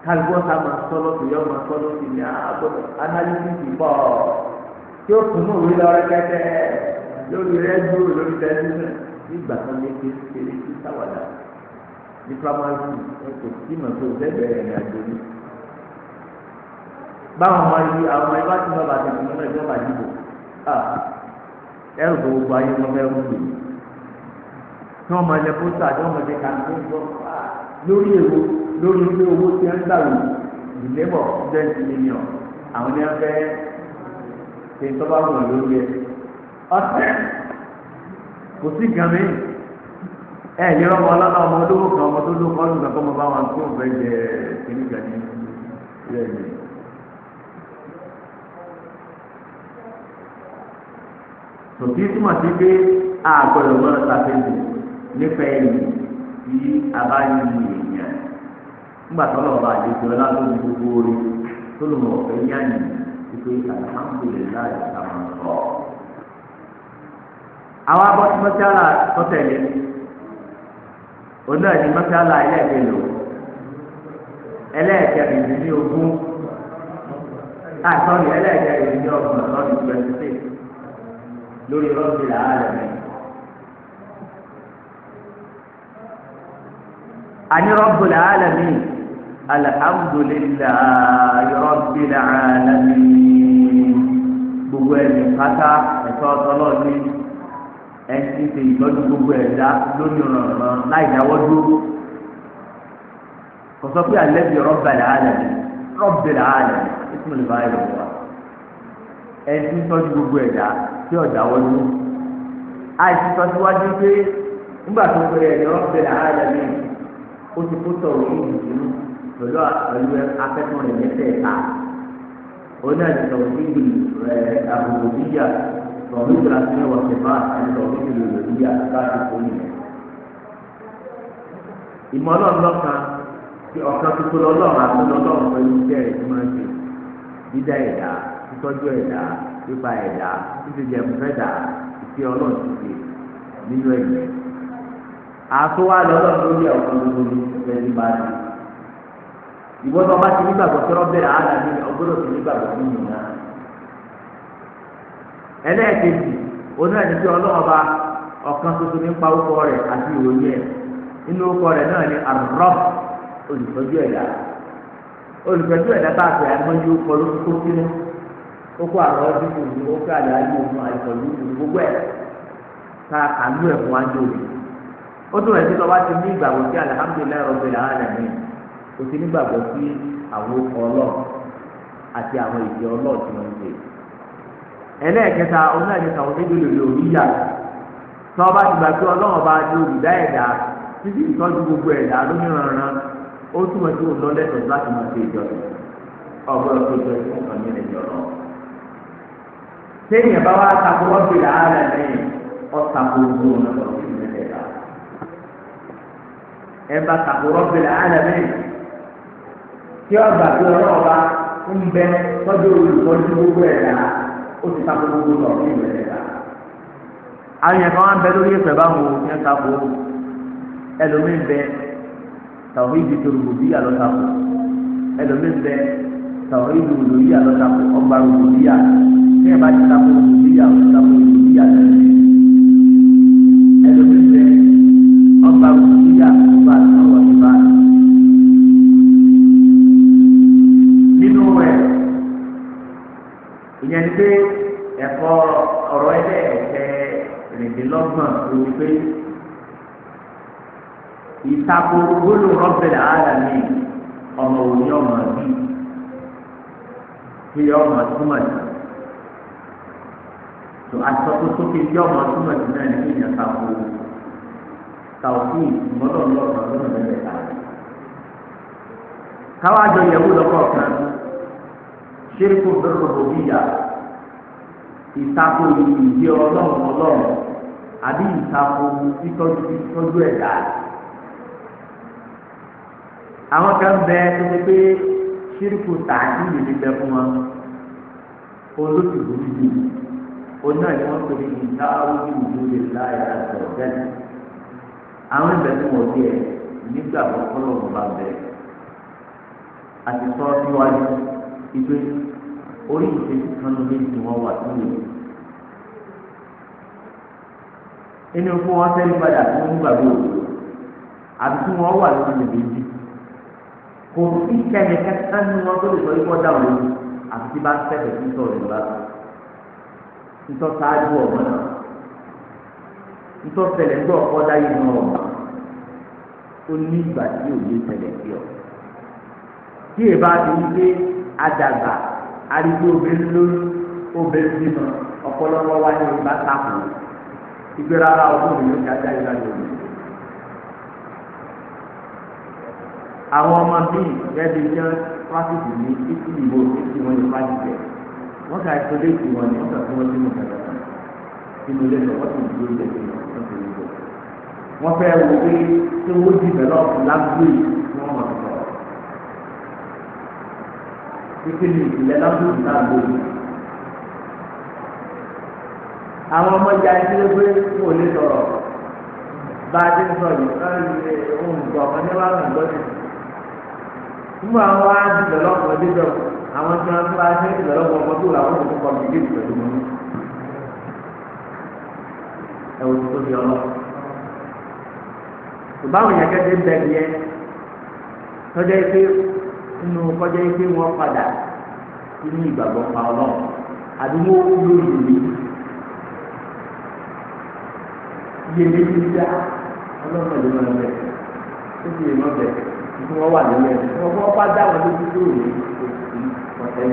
kálíwọ́ ta máa sọ lọ́sùn yọ máa sọ lọ́sùn ní àgbọ̀dọ̀ analysis bọ̀ tí ó tún òwe lọ rẹ́kẹ́tẹ́ lórí rẹ́díò lórí tẹ́lifíṣàn nígbà kan lé ní primary school ẹ kò sí mọ̀tò lẹ́bẹ̀rẹ̀ ní àjò ní. báwọn ọmọ yìí àwọn ọmọ yìí bá ti lọ́ba tẹ̀sí nínú ìjọba ìdìbò ẹrù tó gbogbo ayé wọn bẹ́ẹ̀ wúlò tí wọ́n máa lẹ pósítà tí wọ́n máa lẹ kàńtó gbọ́ lórí èwo lórí ilé owó tí wọ́n ń gbà wò ìlébọ̀ twenty million àwọn ní wọ́n fẹ́ ṣe tọ́ba wọn lórí ẹ ọ̀sẹ̀ kò sí gan ẹ ní ọmọ ọlọ́lá ọmọ olówó kan ọmọ tó ló kọ́ ọdún kankan mo bá wọn tó fẹ́ jẹ kíní ilé tòkí túmọ̀ sí pé nípa ẹ̀yìn tí a bá yí èèyàn nígbà tó bá gbogbo orí tó mọ̀ ọ̀fẹ́ wípé onáà ní mọ́sálà ẹlẹ́ẹ̀kẹ́lò ẹlẹ́ẹ̀kẹ́rin ní ní ogún àtọ́ni ah, ẹlẹ́ẹ̀kẹ́rin ní ọgbọ̀n lọ́ọ̀dì twenty six lórí rọ́ọ̀bì làálẹ̀ mi. àní rọ́ọ̀bì làálẹ̀ mi alihamudulilayi rọ́ọ̀bì làálẹ̀ mi gbogbo ẹ̀mí pátá ẹ̀tọ́ ọ̀tọ́ lọ́ọ̀dì. ẹtí ṣe ìtọ́jú gbogbo ẹ̀dá lórí ọ̀rọ̀ láì dáwọ́ dúró kò sọ pé alẹ́ bíi rọ́bìlì àlẹ́ rọ́bìlì àlẹ́ ètò ìlú báyìí lọ wá ẹtí gbogbo ẹ̀dá tí ọ̀dáwọ́ dúró àìsí pé nígbà tó ń pèrè ẹ̀dá ó ti kó ìdùnnú pẹ̀lú pẹ̀lú akẹ́kọ̀ọ́ rẹ̀ tọ̀mí ìgbàlásí mẹ́wàá ṣe máa ẹni tọ̀mí ìlú ìlú yà láti kó nìyẹn. ìmọ̀ ọlọ́run lọ́kan tí ọ̀kan tuntun lọ́lọ́run àti lọ́lọ́run pẹ̀lú iṣẹ́ rẹ̀ tó máa ń ṣe dídá ẹ̀dá títọ́jú ẹ̀dá pípa ẹ̀dá títí ẹ̀dá ìṣe ọlọ́run ti ṣe nínú ẹ̀yẹ. àtúwá lọ́lọ́run lórí ọ̀kan tuntun ẹ̀dí máa ṣe. ìwọ́n tó ẹlẹ́ẹ̀kejì onú onye tí ọlọ́wọ́ bá ọ̀kan tuntun nípa orúkọ rẹ̀ àti ìròyìn ẹ̀ nínú orúkọ rẹ̀ náà ni àrùrọ̀ olùtọ́jú ẹ̀dá olùtọ́jú ẹ̀dá bá àti àìmọ́jú orúkọ ló kó sínú ó kó àrọ̀ ọdún òní ó kó àlẹ́ gbogbo ẹ̀ ká àánú ẹ̀ fún òní ó tún ti ní ìgbàgbọ́ sí rọ̀bì ẹlẹ́ẹ̀kẹta onílẹ̀kẹta onídìlélẹ̀ òníyà tí wọ́n bá ti gbà pé ọlọ́run bá ní olùdá ẹ̀dá títí ìtọ́jú gbogbo ẹ̀dá ó túmọ̀ sí òun láti máa ṣe ìjọ ọgbọ́n tó jẹ fún ìjọ téèyàn bá wá wọ́n fi á rẹ̀ lẹ́yìn ọ̀nà fi tí ọgbà ó ti takò gbogbo lọ ní ìlú ẹ̀dá. àwọn yẹn kan wá ń bẹ lórí ìpè báwọn ò ní ẹ̀sàkó ẹlòmíín bẹ tàwọn ìdí torògbò bí yà lọ́sàkó ẹlòmíín bẹ tàwọn ìdí òlò yà lọ́sàkó ọgbà òlò yà ní ẹ̀ bá ti takò òlò yà lọ́sàkó òlò yà lọ́sàkó pàtó ni pé ìtako gbólóhùn rọ́bẹ̀lì àádàmì ọmọ òní ọmọ bí kí ọmọ túmọ̀ sí tó asọ́kó sókè kí ọmọ túmọ̀ sí náà ní kéèyàn tako tàwọ́sí ìmọ̀lọ́ lọ́kàn lọ́nà bẹ̀rẹ̀ ká káwájọ yẹ̀wò lọ́kọ̀ọ̀kan ṣé kó bẹ̀rẹ̀ lọ́kọ̀ọ́ bíyà ìtako ìdí ọlọ́run ọlọ́run àbí ìtako títọ́jú títọ́jú ẹ̀dá. àwọn kan bẹ tó ṣe pé ṣírìkù tààtì lè bẹ fún wọn olóṣù burú jù oná ni wọn pèlè ìdáwójú ìlú lè láyà àtọ̀ bẹ́ẹ̀ àwọn ìbẹ̀ tí wọ́n di ẹ̀ nígbà kọ́kọ́rọ́ wọn bá bẹ̀ àti sọ́ọ́ síwájú ìgbé orí ìṣèjú kan ló lé ju wọn wà sílẹ̀ yìí. inú kó wọn fẹ́ẹ́ padà tí wọ́n nígbà gbòòrò àti tí wọ́n wà lórí ìbejì kò sí kẹ́ni kẹ́kẹ́ ní wọn tó lè sọ ikọ́ dáhùn lórí àti tí bá ń tẹ̀sẹ̀ sí sọ̀rọ̀ ìgbà ntọ́ sáájú ọ̀gbọ́n náà ntọ́ ṣẹlẹ̀ ńgbọ́ ọ̀kọ́ dáyé ní ọ̀gbà ó ní ìgbà tí òye ṣẹlẹ̀ sí ọ. tí èèbá ti ń gbé àdàgbà arígbó obìnrin lórí obìnrin bímọ ọ̀pọ̀lọpọ̀ wáyé ìbátan kù ìgbéraga ọdún mi yóò ti ajá ìlà yòó. àwọn ọmọ bíi ẹbí jẹ́ fásitì ní títí ìwò títí wọn ní fásitì wọ́n kà ètò lé ìwọ̀n ní wọ́n kà fún wọn sínú kẹ̀kẹ́ sínú ilé lọ wọ́n sì ń dúró lẹ́yìn lọ wọ́n sì ń lọ. wọ́n fẹ́ wo pé tí owó di bẹ̀lọ́ọ̀kì lágbó yìí tí wọ́n mọ̀ sọ̀rọ̀. títí ní ìpìlẹ̀ lágbó yìí lágbó yìí. àwọn ọmọ ìyá ẹni n'ole gbé wò lé sọ̀rọ̀ bá a ti sọ yìí ká lè ohun ìgbà ọ̀kan ní wàhálà ń lọ́dún. Nígbà wọn wá dìbò àwọn tí bá tó làwọn tó kọjá wọn padà ìgbàgbọ́ pa àdúgbò lórí yẹlẹ dídá ọlọ́pàá ya máa bẹ ó sì máa bẹ kí wọ́n wà lẹ́yìn ẹ̀ wọ́n fọwọ́ bá tó rèé òsì ọ̀tẹ̀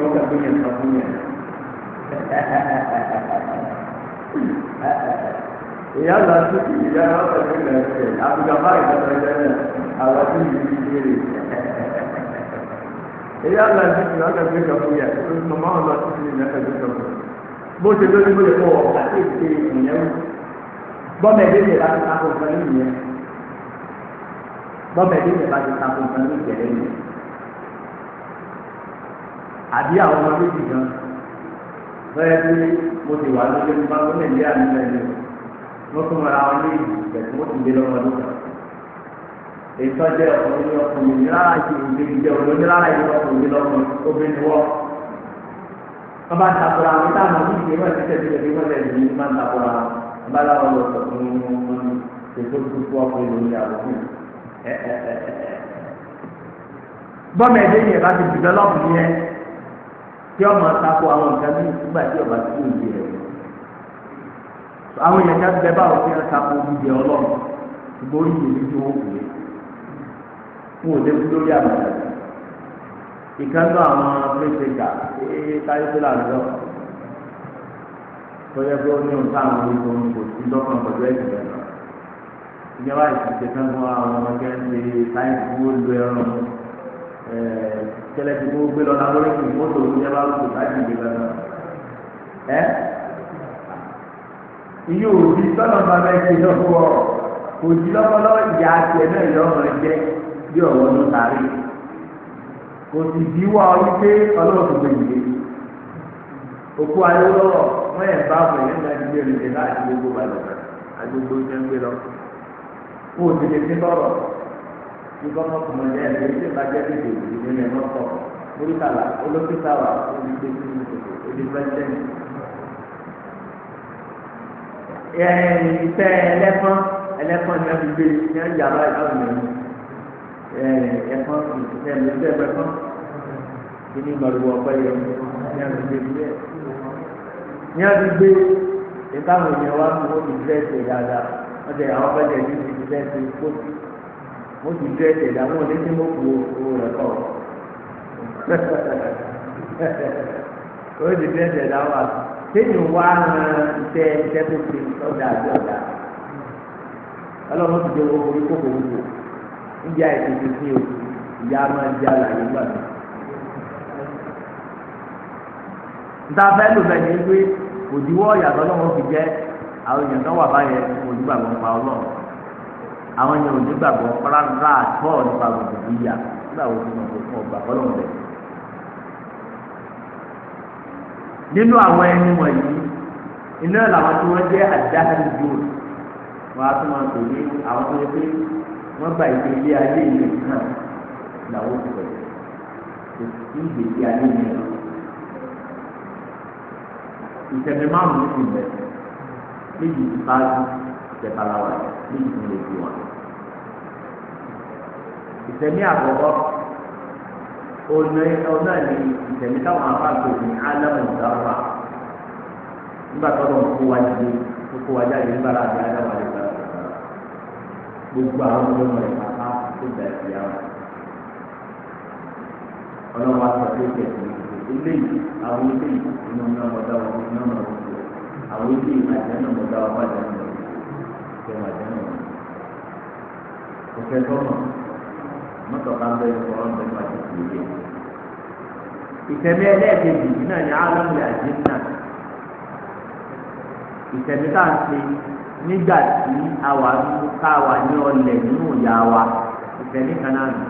náà tó bóyá ni ìyá lọ sí kí ìyá lọ pẹ̀lú ilẹ̀ ṣe àbújá báyìí lọ́sọ̀ ilẹ̀ náà àwọn tí ìlú ti rí ìyá lọ sí kí ìyá lọ́sọ̀ ilẹ̀ ṣe yẹ mọ̀mọ́ lọ sí kí ìyá lọ́sọ̀ ilẹ̀ ṣe bó ṣe lórí bó lè mọ̀ ọ́ àti ètè ìyẹn bọ́mọ̀ ẹ̀dẹ́ yẹn láti ta kó nǹkan nìyẹn bọ́mọ̀ ẹ̀dẹ́ yẹn láti ta kó nǹkan nìyẹn àbí àwọn ọmọ méjì gan-an lọ́yẹ́ tí mo ti wà lókè nípa tó nàìjíríà ní nàìjíríà mo tún ra wọn ní ìgbẹ́ tí mo ti gbé lọ́wọ́ lókè. ètò ọjọ́ ọkùnrin ní ọkùnrin ní rárá ìṣe ìgbégi jẹ́ olóyún rárá ìṣe ọkùnrin lọ́kùnrin obìnrin wọ́. wọ́n bá ń takora àwọn ìta àwọn oníṣẹ́ wọn ti tẹ̀sí ẹ̀mí wọn lẹ́yìn ní máa ń takora wọn bá láwọn lọ sọ fún wọn ètò ìkókó ọkùnrin lórí àbùkù bọ́mẹ̀dé yẹn bá ti dìbẹ́lọ́pù yẹn tí ọmọ àtakò àwọn nǹkan ní ìgbà tí ọba tí yóò di rẹ̀ àwọn èèyàn já bẹ báwo fi àtakò olùdíje ọlọ́run ṣùgbọ́n orí ìlú tí wọ́n wù fún òde fún lórí àbàtà ìkànnì àwọn pẹ́sẹ̀gà ee táyé tó là ń lọ tó yẹ pé ó ní òǹkà àwọn oníkó ní kò lọ́kàn pẹ̀lú ẹ̀sìn rẹ̀ lọ ìjọba ìsìnkú tán fún àwọn ọmọ kẹ́ńtì táyé tó wọ́n lo ẹran kẹlẹ ti kó gbé lọ lábọ́lé kì í mọ́tò ló yẹ bá lóko láti ìdè lọ́nà ẹ iye òbí sọ́nà bàbá ẹ̀ ṣe lọ́wọ́ òjì lọ́kọ́lọ́ ìyá tiẹ̀ náà yọ ọ̀rẹ́ jẹ́ bí ọ̀wọ́ ló tàrí kò sì bí wá wípé ọlọ́run gbè yìí òkú ayélujára wọ́n yẹn bá wọ̀ yẹn náà gbé rèé láti gbogbo balẹ̀ àgbègbè ìjẹun gbé lọ bí bọ́mọ kò mọ ẹ̀yà ẹ̀yà ẹ̀yà bá jẹ́ bíbí ìdílé ní ẹ̀mọ́ pọ̀ oríkàlà olókìtà wà orí pé kí ní kòtò orí pẹ́ńtẹ́nì. ìfẹ́ ẹlẹ́fọ́n ẹlẹ́fọ́n ni wọ́n ti gbé ní ọjà báyìí báwọn ènìyàn ẹ̀fọ́n ìfẹ́ ẹlẹ́fọ́n ẹlẹ́fọ́n kí ní ìgbàlúwọ̀ ọ̀pẹ́ yẹn ní wọ́n ti gbé ní wọ́n ti gbé ìbáwọn ènìyàn wá mo ti dẹ́ tẹ̀lé àwọn oníṣẹ́ mo kú owó rẹ̀ kọ́ o ti dẹ́ tẹ̀lé àwọn àti sẹ́yìn wá iṣẹ́ iṣẹ́ tó fi ọ̀dà àti ọ̀dà ọlọ́run ti dé owó orí kókò níbi àìsàn ti fi o ìyá máa di àlàyé gbà nta fẹ́ pé òdiwọ́ ìyàtọ̀ ọlọ́run fi jẹ́ àwọn wà báyẹn àwọn ènìyàn ò ní gbàgbọ́ rárá àtọ́ nípa gbogbo ìyá nígbà wo ni wọn kò gbà fọlọ́ wọn bẹ̀. nínú àwọn ẹni wọ̀nyí iná làwọn tí wọ́n jẹ́ àdáhàlì yóò wọ́n á tún máa tò ní àwọn tó yẹ pé wọ́n gba ìgbé ilé ayé ilé náà làwọn ò pẹ̀lú kò sí ìgbé ilé ayé ilé náà ìtẹ̀lẹ̀ márùn-ún ti bẹ̀ méjì ti bá ìtẹ̀kalawa méjì ti lè fi wọn. ìtẹ̀mí àkọ́kọ́ ọ̀nà ọ̀nà ni ìtẹ̀mí táwọn afáàgbè ní alámùdáwà nígbà tó lọ́n kó wa jáde kó nígbà láti gbà gbogbo àwọn ọmọ rẹ̀ bàbá tó gbà sí àwọn ọlọ́wọ́ aṣọ tó jẹ ilé yìí àwọn ilé yìí iná ọ̀nà ọ̀dà wọn iná ọ̀nà ọ̀dà wọn àwọn ilé mọ́tọ̀ká bẹ́ẹ̀ kọ́ ọ́n bẹ́ẹ̀ pàṣẹ sí ilé. ìtẹ̀mí ẹlẹ́ẹ̀kejì náà ní alámúlẹ̀ àjẹ́nà ìtẹ̀mí tá à ń ṣe nígbà tí a wà nínú ká wà ní ọlẹ̀ nínú ìyá wa ìtẹ̀mí kan náà nù.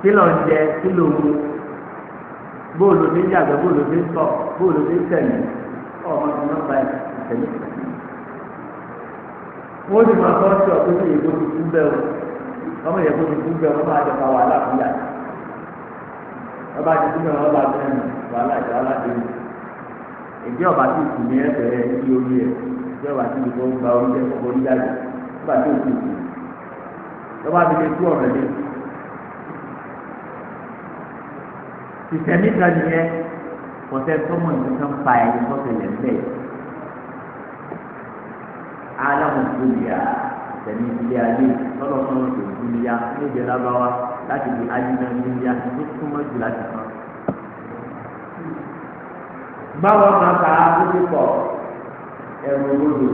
kí ló ń jẹ kí ló mu bóòlù ní yàgbẹ́ bóòlù ní sọ bóòlù ní tẹ̀lé ọmọ tó náà bá ìtẹ̀mí kan. wọ́n ti máa kọ́ sí ọ̀pẹ́ ọmọ yẹ kó ti kú bẹ ọmọ àjọ máa wà láàbíyà ọba ti kú bẹ ọmọ bá bẹ ẹnu wà láàjọ aládé mi èdè ọba ti kù ní ẹsẹ ẹ ní orí ẹ èdè ọba ti kò gba orí ẹ kókó orí jáde ọba ti kù kù ọba ti lè kú ọ̀rọ̀ ẹ̀dẹ́ tìtẹ̀mí kan nìyẹn kọ̀tẹ́ tọ́mọ̀ nǹkan pa ẹ̀ kọ́tẹ̀lẹ̀ bẹ́ẹ̀ alámọ̀ tó yà á ìtẹ̀mí ilé ayé lọ́lọ́sọ̀rọ̀ tó dúnìyà níbi lábáwá láti di ayélujára dúnìyà tó túmọ̀ jù láti kan. báwo máa ka àkókò pọ̀ ẹ̀rù odò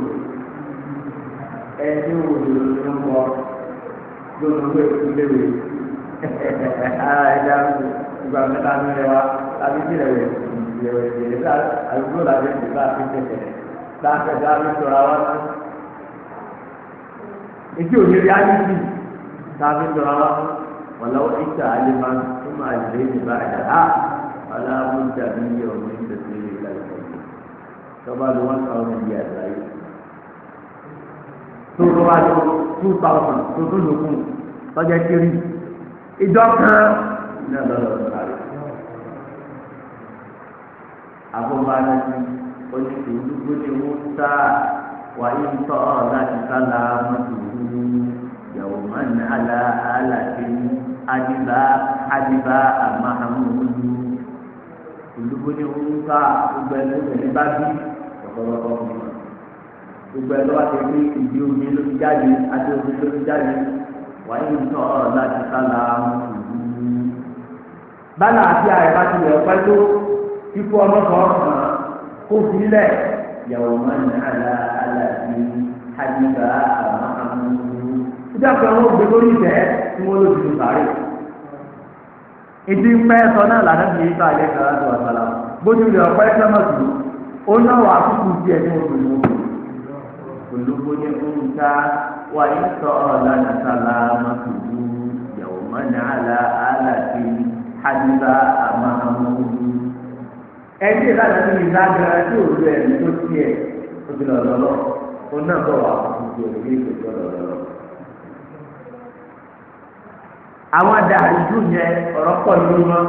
ẹ̀dín odò ló ń bọ̀ lónìí wọ́n èkú léwe ara ẹ̀dá ìgbà mẹ́ta ní ẹ̀wá láti sílẹ̀ wẹ̀ ìrẹ̀wẹ̀ ìrẹ̀wẹ̀ àdúgbò làbẹ́ ìgbà àti tẹ̀tẹ̀ láti ẹ̀dá mi sọ̀rọ̀ àwọn náà èdè òní reality tàbí dọ̀rọ̀ àwọn wàlá ìta àlèmá tó máa lè ní báyìí ah! á aláàbòjá ní iye ọ̀nà ìtẹ̀sí ìlà ìtẹ̀sí tọ́ba ló wọ́n sọ ní iye àgbáyé tó tó bá tó two thousand tó tó lókun tọ́jà kiri ìjọ kan ní ọ̀dọ́dọ̀ sáré. àbọ̀bá náà ni oníṣègùn gbóni wọ́n sáà wà á yí tọ́ ọ láti sálà mọ́tò wúlú yàwó máa ní àlà àlàdé ní adìbá adìbá àmàhàmúhùlù olùkóni ń ká gbogbo ẹni obìnrin bá bí ọ̀pọ̀lọpọ̀ ọkùnrin gbogbo ẹni wá ìdí omi ló jáde àti omi ló jáde wà á yí tọ́ ọ láti sálà mọ́tò wúlú. bálà àti àyè bá ti rẹ̀ pẹ́ tó kíkú ọmọ kan kó fi lẹ̀. يوما على ألف حبيبا محمد ìjà pé wọn gbé lórí ìtẹ́ tí wọn lò jù sáré ìdí pẹ sọ náà lànà bíi ìta ilé kan láti wà sálà bójú ìlú ọpẹ sọmọ tù ó náà wà kúkú díẹ̀ ní oṣù tó kù ní nǹka wà ní sọ ọlànà sálà màkùkù yàwó mọ ní àlà àlàfin hadiza àmàhàmù ẹni ìlànà ní ìlànà tí ò lu ẹni tó tiẹ̀ òbí lọlọlọ ó náà bọ wà gbogbo òbí ìgbésọ lọlọlọ. àwọn adà ìlú yẹn ọ̀rọ̀ pọ̀ lórí wọn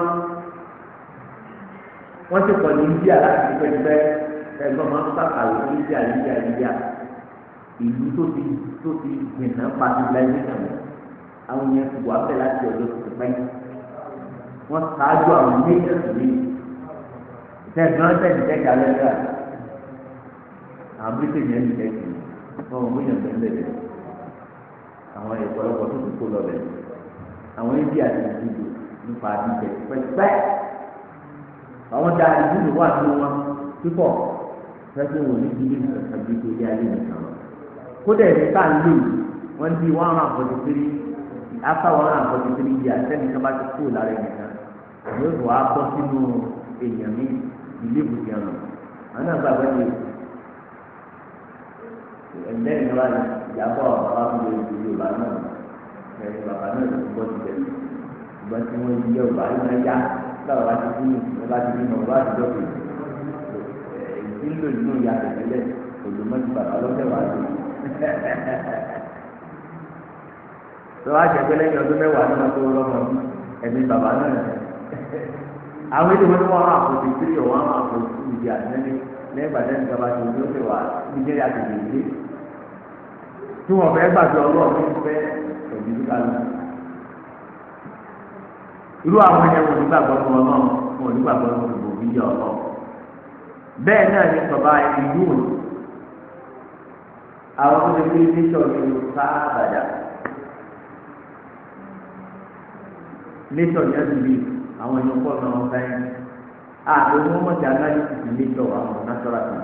wọ́n ti pọ̀ ní India láti pẹ́ẹ́pẹ́ ẹgbọ́n máa ń pàkàwé ní India India India ìlú tó ti tó ti gbìnà pàtó láyé náà àwọn yẹn ti wà bẹ́ẹ̀ láti ọjọ́ tó ti pẹ́ wọ́n ṣáájú àwọn méjì tẹ̀gbọ́n tẹ̀lé tẹ̀ka lẹ́gbẹ̀ẹ́ àwọn britain yẹn ń tẹ̀sí wọn ò múyàn bẹ́ẹ̀ lẹ̀ àwọn ìpọlọpọ tó ti kó lọ bẹ̀ àwọn ibi àti ìdìbò nípa àdìbẹ̀ pẹ́pẹ́ àwọn da ìdìbò wà ní wọn pípọ̀ pẹ́pẹ́ wò ní ìdílé àti ìdílé ayé nìkan kódà ẹ̀mí tá à ń lò wọ́n di one hundred and forty three after one hundred and forty three years sẹ́ni kan bá ti kú lára ẹ̀mí kan yóò wá bọ́ sínú èèyàn míì bìlíìfù ti hàn àwọn náà bàbá mi ẹgbẹ́ mi wá ìyàbọ̀ bàbá mi lè fi yorùbá náà ẹ̀yìn bàbá náà ti gbọ́ ti tẹ̀lé ìgbà tí wọ́n yí yorùbá iná yá bàbá wa ti kú bàbá ti bímọ bàbá ti dọ́kì èyí ló nínú ìyá tẹ̀lé olùmọ̀tì bàbá lọ́sẹ̀ wá sí i. lọ́wọ́ àṣẹ pé lẹ́yìn ọdún mẹ́wàá náà tó rọ́mọ ẹ̀mí bàbá náà àwọn èdè wọn ni wọn máa fòdì tírí wọn máa fòdì ìdí àtẹnẹni lẹgbà lẹnu gaba tó ní oṣù wa níjẹrì àtẹnẹ ìdí tí wọn fẹẹ gbàgbé ọlọ́run ní fẹ ẹbí nípa lọ irú àwọn ẹni wọn nígbàgbọ́ ní wọn náà wọn nígbàgbọ́ ní wọn òbí ọlọ bẹ́ẹ̀ náà ní sọba ìlú òní àwọn tó ti fi ní sọ̀rọ̀ ìlú sáà bàdà ní sọ̀rọ̀ yẹn àwọn èèyàn pọ̀ náà wọ́n sáyẹn àti mọ̀ sí agbájú tìtì àwọn nàṣọ́ra tì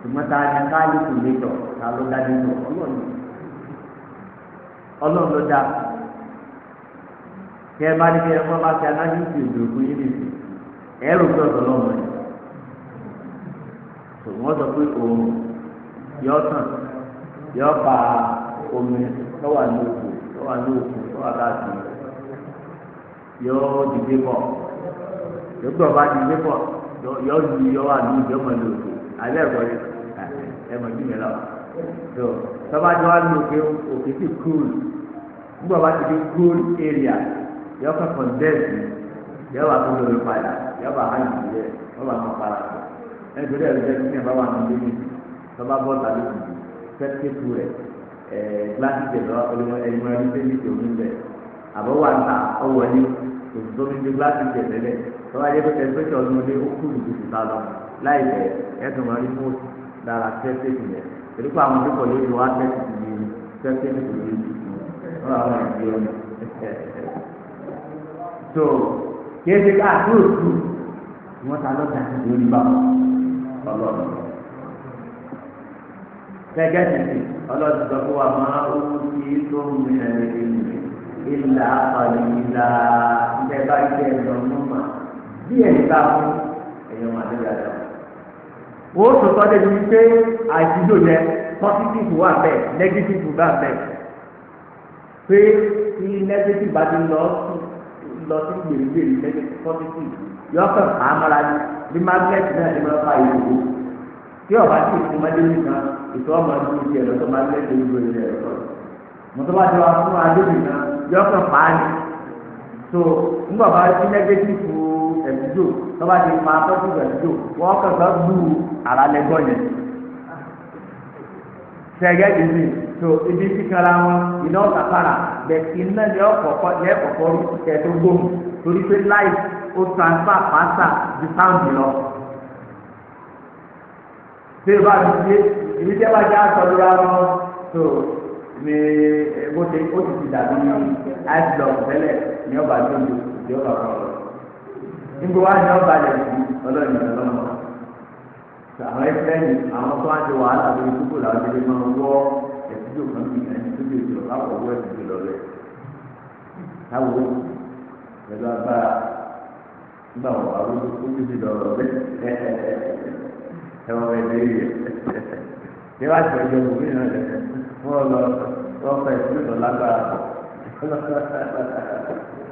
ṣùgbọ́n tá a ní káàlì tì létọ̀ ló dá létọ̀ ọlọ́run ọlọ́run ló dá bá ní ẹ fọ́ bá sí fún yín nìyí ẹ rò pé ọ̀dọ̀ ṣùgbọ́n sọ pé òun yọ tàn yọ pa omi lọ́wọ́ òkú lọ́wọ́ yóò dìde pọ̀ yóò bá dìde pọ̀ yóò lu yóò wà ní ìjọba lòdì alẹ́ ẹ̀kọ́ yẹn ẹ mọ̀ jùlọ lọ tó tọ́ba tí wọ́n lu òkè òkè sí cool nígbà bá ti di cool area yóò kọ́ kọ́ndẹ́ẹ̀sì yóò wà fún lórí padà yóò bá hàn jù yẹ yóò bá mọ̀ para tó ẹni tó dẹ̀ ló jẹ́ kí ẹ bá wà ní ilé mi tọ́ba bọ́ ta ló ti di fẹ́ẹ́ tẹ́kù rẹ̀ ẹ̀ẹ́d àbọ̀wà ń ta ọwọ́ ní òtítọ́bí ti gíláàsì jẹ tẹ́lẹ̀ tọ́wọ́ ayé pẹ́tẹ́ pẹ́tẹ́ ọdún ọdún ó ìlú ti ta lọ láìpẹ́ ẹ̀sùn wọn ní fún dára tẹ́tẹ́ ti yẹ torí pé àwọn akẹ́kọ̀ọ́ yóò wá tẹ́tẹ́ ti tẹ́tẹ́ ti tó wọn ta lórí bá ọlọ́run ọlọ́run máa ń wú ìlà àpàlìlà ìbẹ́ bá jẹ́ lọ́nùmá díẹ̀ níta fún ẹ̀yọ́ màdúrà lọ. Wọ́n ó sọ̀tọ́ débi wípé àìsídò yẹn pọ́sítífù wà bẹ́ẹ̀ nẹ́gítífù wà bẹ́ẹ̀. Pé tí nẹ́gítífù bá ti lọ lọ sí gbèrègbèrè nẹ́gítífù pọ́sítífù yọ kàn ni mara ní bí mágínẹ́tì náà ti máa fa ìwòwò. Tí ọ̀bá sì ti nìkan ìtọ́ ọmọ ìdúró ti ẹ̀rọ tó mágínẹ́tì ìdúró ti ẹ̀rọ tó mọ̀tọ́ bá ti wá fún adébì náà yọ ọkàn pààyàn tó nígbà bá ti nẹ́gẹ́tìfù ẹ̀dúdò tó bá ti pa tọ́jú ẹ̀dúdò wọ́n kàn sọ gbú ara lẹ́gbọ́ yẹn sẹ́gẹ́ ìdí tó ibi kíkara wọn iná ọ̀sàkàrà bẹ̀tì iná lẹ́ ọ̀kọ̀ọ̀kọ̀ lẹ́ ọ̀kọ̀ọ̀kọ̀ rú kẹ̀tọ́ gbóhùn torí pé láì ó transfer pàṣà ju sáǹdì lọ. bí o bá ti ṣe ìdíjẹ́ bá já sọ wọn tó. ní bó ṣe ó ti ti dàbí àìsàn ní ọba tó ju ìdí ọba kan lọ. ní ọba lẹ̀ sí ọlọ́ọ̀ni ọlọ́mọ. àwọn ẹgbẹ́ ni àwọn tó wá ti wàhálà lórí púpọ̀ làwọn ti lè máa wọ ẹni tó lè jọ agbára nígbà wọ́n lọ wọ́n fẹ́ ìlú lọ lágbára bọ̀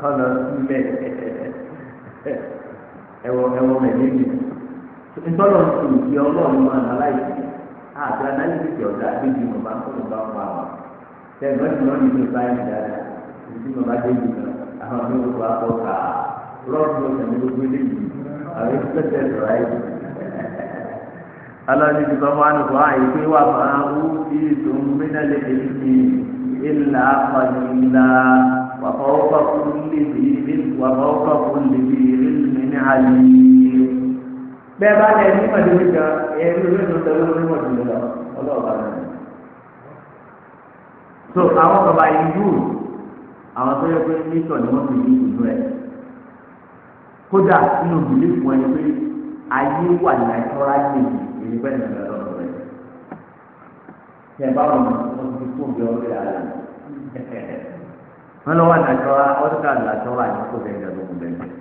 kọ́ lọ sílẹ̀ ẹ̀wọ̀ ẹ̀wọ̀ mẹ̀lẹ́bí ntọ́nà ìdí ọlọ́run máa ń aláìsí àti analysis ọ̀dà bíbí mo máa ń fún ọba ọba wa tẹ̀gbọ́n tí wọ́n nílò báyìí dáadáa ìdí mo bá dé ibi kan àwọn ọmọ ìwé wa kọ́ ká rọ́ọ̀bù ọ̀sẹ̀ mi ló gbé léyìí àwọn ìfẹ́sẹ̀ rẹ̀ ráyé. ọlọ́ni ti sọ́mọ́ ànùkọ́ àyè pé wà máa ń fi ìdùn mínàlẹ̀ èyí ìlà pàdùnlá wàfọwọ́kọ̀ fún lèbi wàfọwọ́kọ̀ fún lèbi ìrìnnìmí àlè. bẹ́ẹ̀ bá lẹ̀ ní mọ̀lẹ́bí kan ẹ̀rí orí ìlú tẹ̀lé orí lọ ọlọ́ọ̀bá àwọn bàbá yìí àwọn tó yẹ pé ni wọ́n fi ní ìlú ẹ̀ kódà nínú pé ayé wà ní èyí pẹ́ ní ọ̀dọ́ rẹ̀ yẹ báwo ni wọ́n ti kó bí ọdún yà rẹ̀ wọ́n lọ wà nàìjọ́ wa ọdún kan nàìjọ́ wa ní kó bẹ́ẹ̀ ní ọdún bẹ́ẹ̀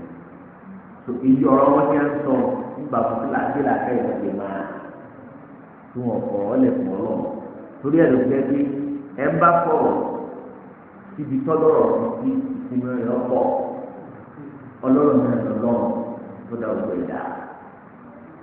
so èyí ọ̀rọ̀ wọn ti ń sọ nígbà fún kíláàkílà kẹ́yìn ọ̀dẹ̀ máa tún ọ̀pọ̀ ọ̀lẹ̀kùn ọlọ́ torí ẹ̀ ló gbẹ́ bí ẹ bá fọ̀rọ̀ síbi tọ́lọ́rọ̀ sí ìsinmi ọ̀pọ̀ ọlọ́run náà lọ́rùn tó dá ọgbẹ́ dáa.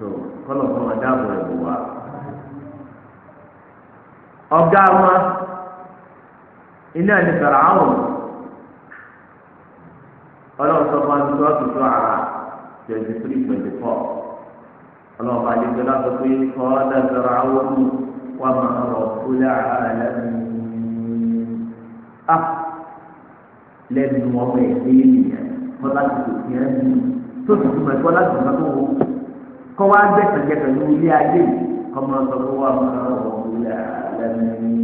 tó kọ́nà fún wọn dáàbò rẹ̀ bò wá. ọ̀gá wọn iná ní sọ̀rọ̀ àwọn ọlọ́run sọ fún àdúgbò àtúntò àrà twenty three twenty four ọlọ́run bá dégbé lọ́sọ̀ pé kọ́ ọ́dà sọ̀rọ̀ àwọn wà máa rọ̀ fúlẹ̀ àrà lẹ́nu. lẹ́nu ọmọ ẹ̀dẹ́ ènìyàn kọ́lá tó tó fi hàn ní tó tó fi mọ̀ ẹ̀kọ́ láti mọ̀ tó kọ́ wá gbẹ̀sẹ̀gbẹ̀ pẹ̀lú ilé ayé yìí kọ́ máa sọ fún wa máa wọ̀ wúlẹ̀ lẹ́nu.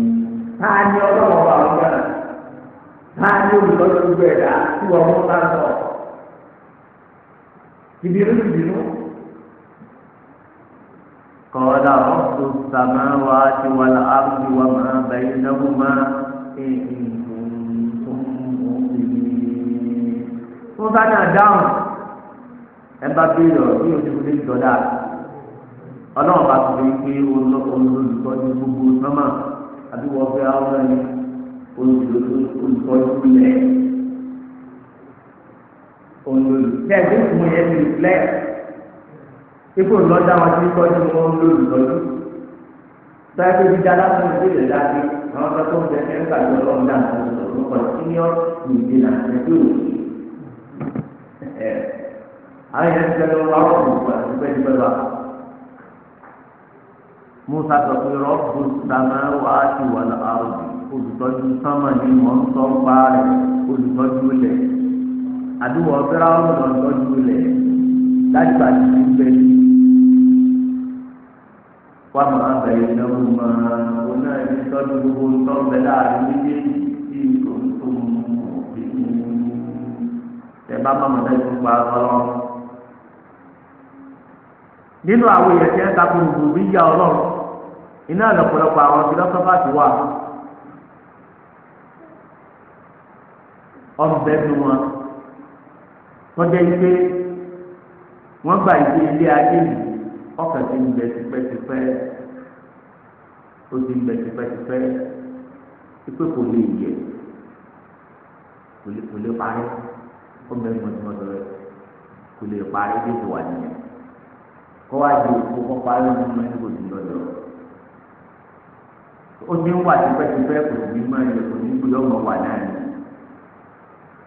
Ta ni ọlọ́wọ́ wa ń gbà? Ta ni olùlọ́dọ̀ ń gbẹ̀ dá tí wọ́n mú bá sọ? Ìbínú ìbínú. Kọ́lá ọ̀sùn sàmáwá ti wà láàbùdí wa máa bẹ̀yìn lọ́wọ́ máa ń tó ń mú ìlú. Wọ́n bá náà dáhùn ẹ bá béèrè ọ̀rọ̀ bí oṣù tó lè jọ dáa ọlọ́run bá ti fi pé olùtọ́jú gbogbo sọ́mà àbí wọ́n fẹ́ àwọn ẹni olùtọ́jú ilẹ̀ olùtẹ́ẹ̀dé fún yẹn ti lẹ̀ ipò lọ́jà wọn ti tọ́jú wọn olùtọ́jú sọ́yà tó ti dáná fún ìdílé dáadé àwọn akẹ́kọ̀ọ́ ń bẹ ẹ̀ka ìjọba ọ̀dà àti ìṣòro kan tí ní ọ̀sìn ìdílé àti ẹgbẹ́ òṣèlú àwọn yẹn ti tẹ́lẹ̀ wá ọ̀rọ̀ òkú àti pẹ́ẹ́dípẹ́ bá. Musa sọ pé rọ́ọ̀bù sàmà wà á ti wà láàrú olùtọ́jú sánmà ni mò ń sọ pa rẹ̀ olùtọ́jú lẹ̀ àdúgbò ọ̀fẹ́ra ọ̀rọ̀ olùtọ́jú lẹ̀ dájúbà ti ti bẹ̀ wà máa bẹ̀rẹ̀ náwó máa ó náà ní tọ́jú gbogbo ńtọ́ bẹ̀ láàrin méjèèjì tí kò tó mú bá má mọ̀ dájú pa ọlọ́run nínú àwọn èèyàn tí ń takò rògbò bí yá ọlọ́run iná lọ́pọ̀lọpọ̀ àwọn fìlọ́sọ́fà ti wà ọ̀bẹ nu wọn tọ́jà ike wọ́n gba ìdí ilé ayé yìí ọkàn ti ń bẹ tipẹ́tipẹ́ ó ti ń bẹ tipẹ́tipẹ́ ipe kò lè yẹ kò lè parí ó bẹ mọ̀tìmọ̀tì rẹ kò lè parí bí ìwà nìyẹn kó wá di òkú kó parí nínú ẹni kò ní lọ́yọ̀ ó ní wà tipẹ́tipẹ́ kò ní mọ ẹ̀yẹ kò ní gbé ọmọ wà náà ni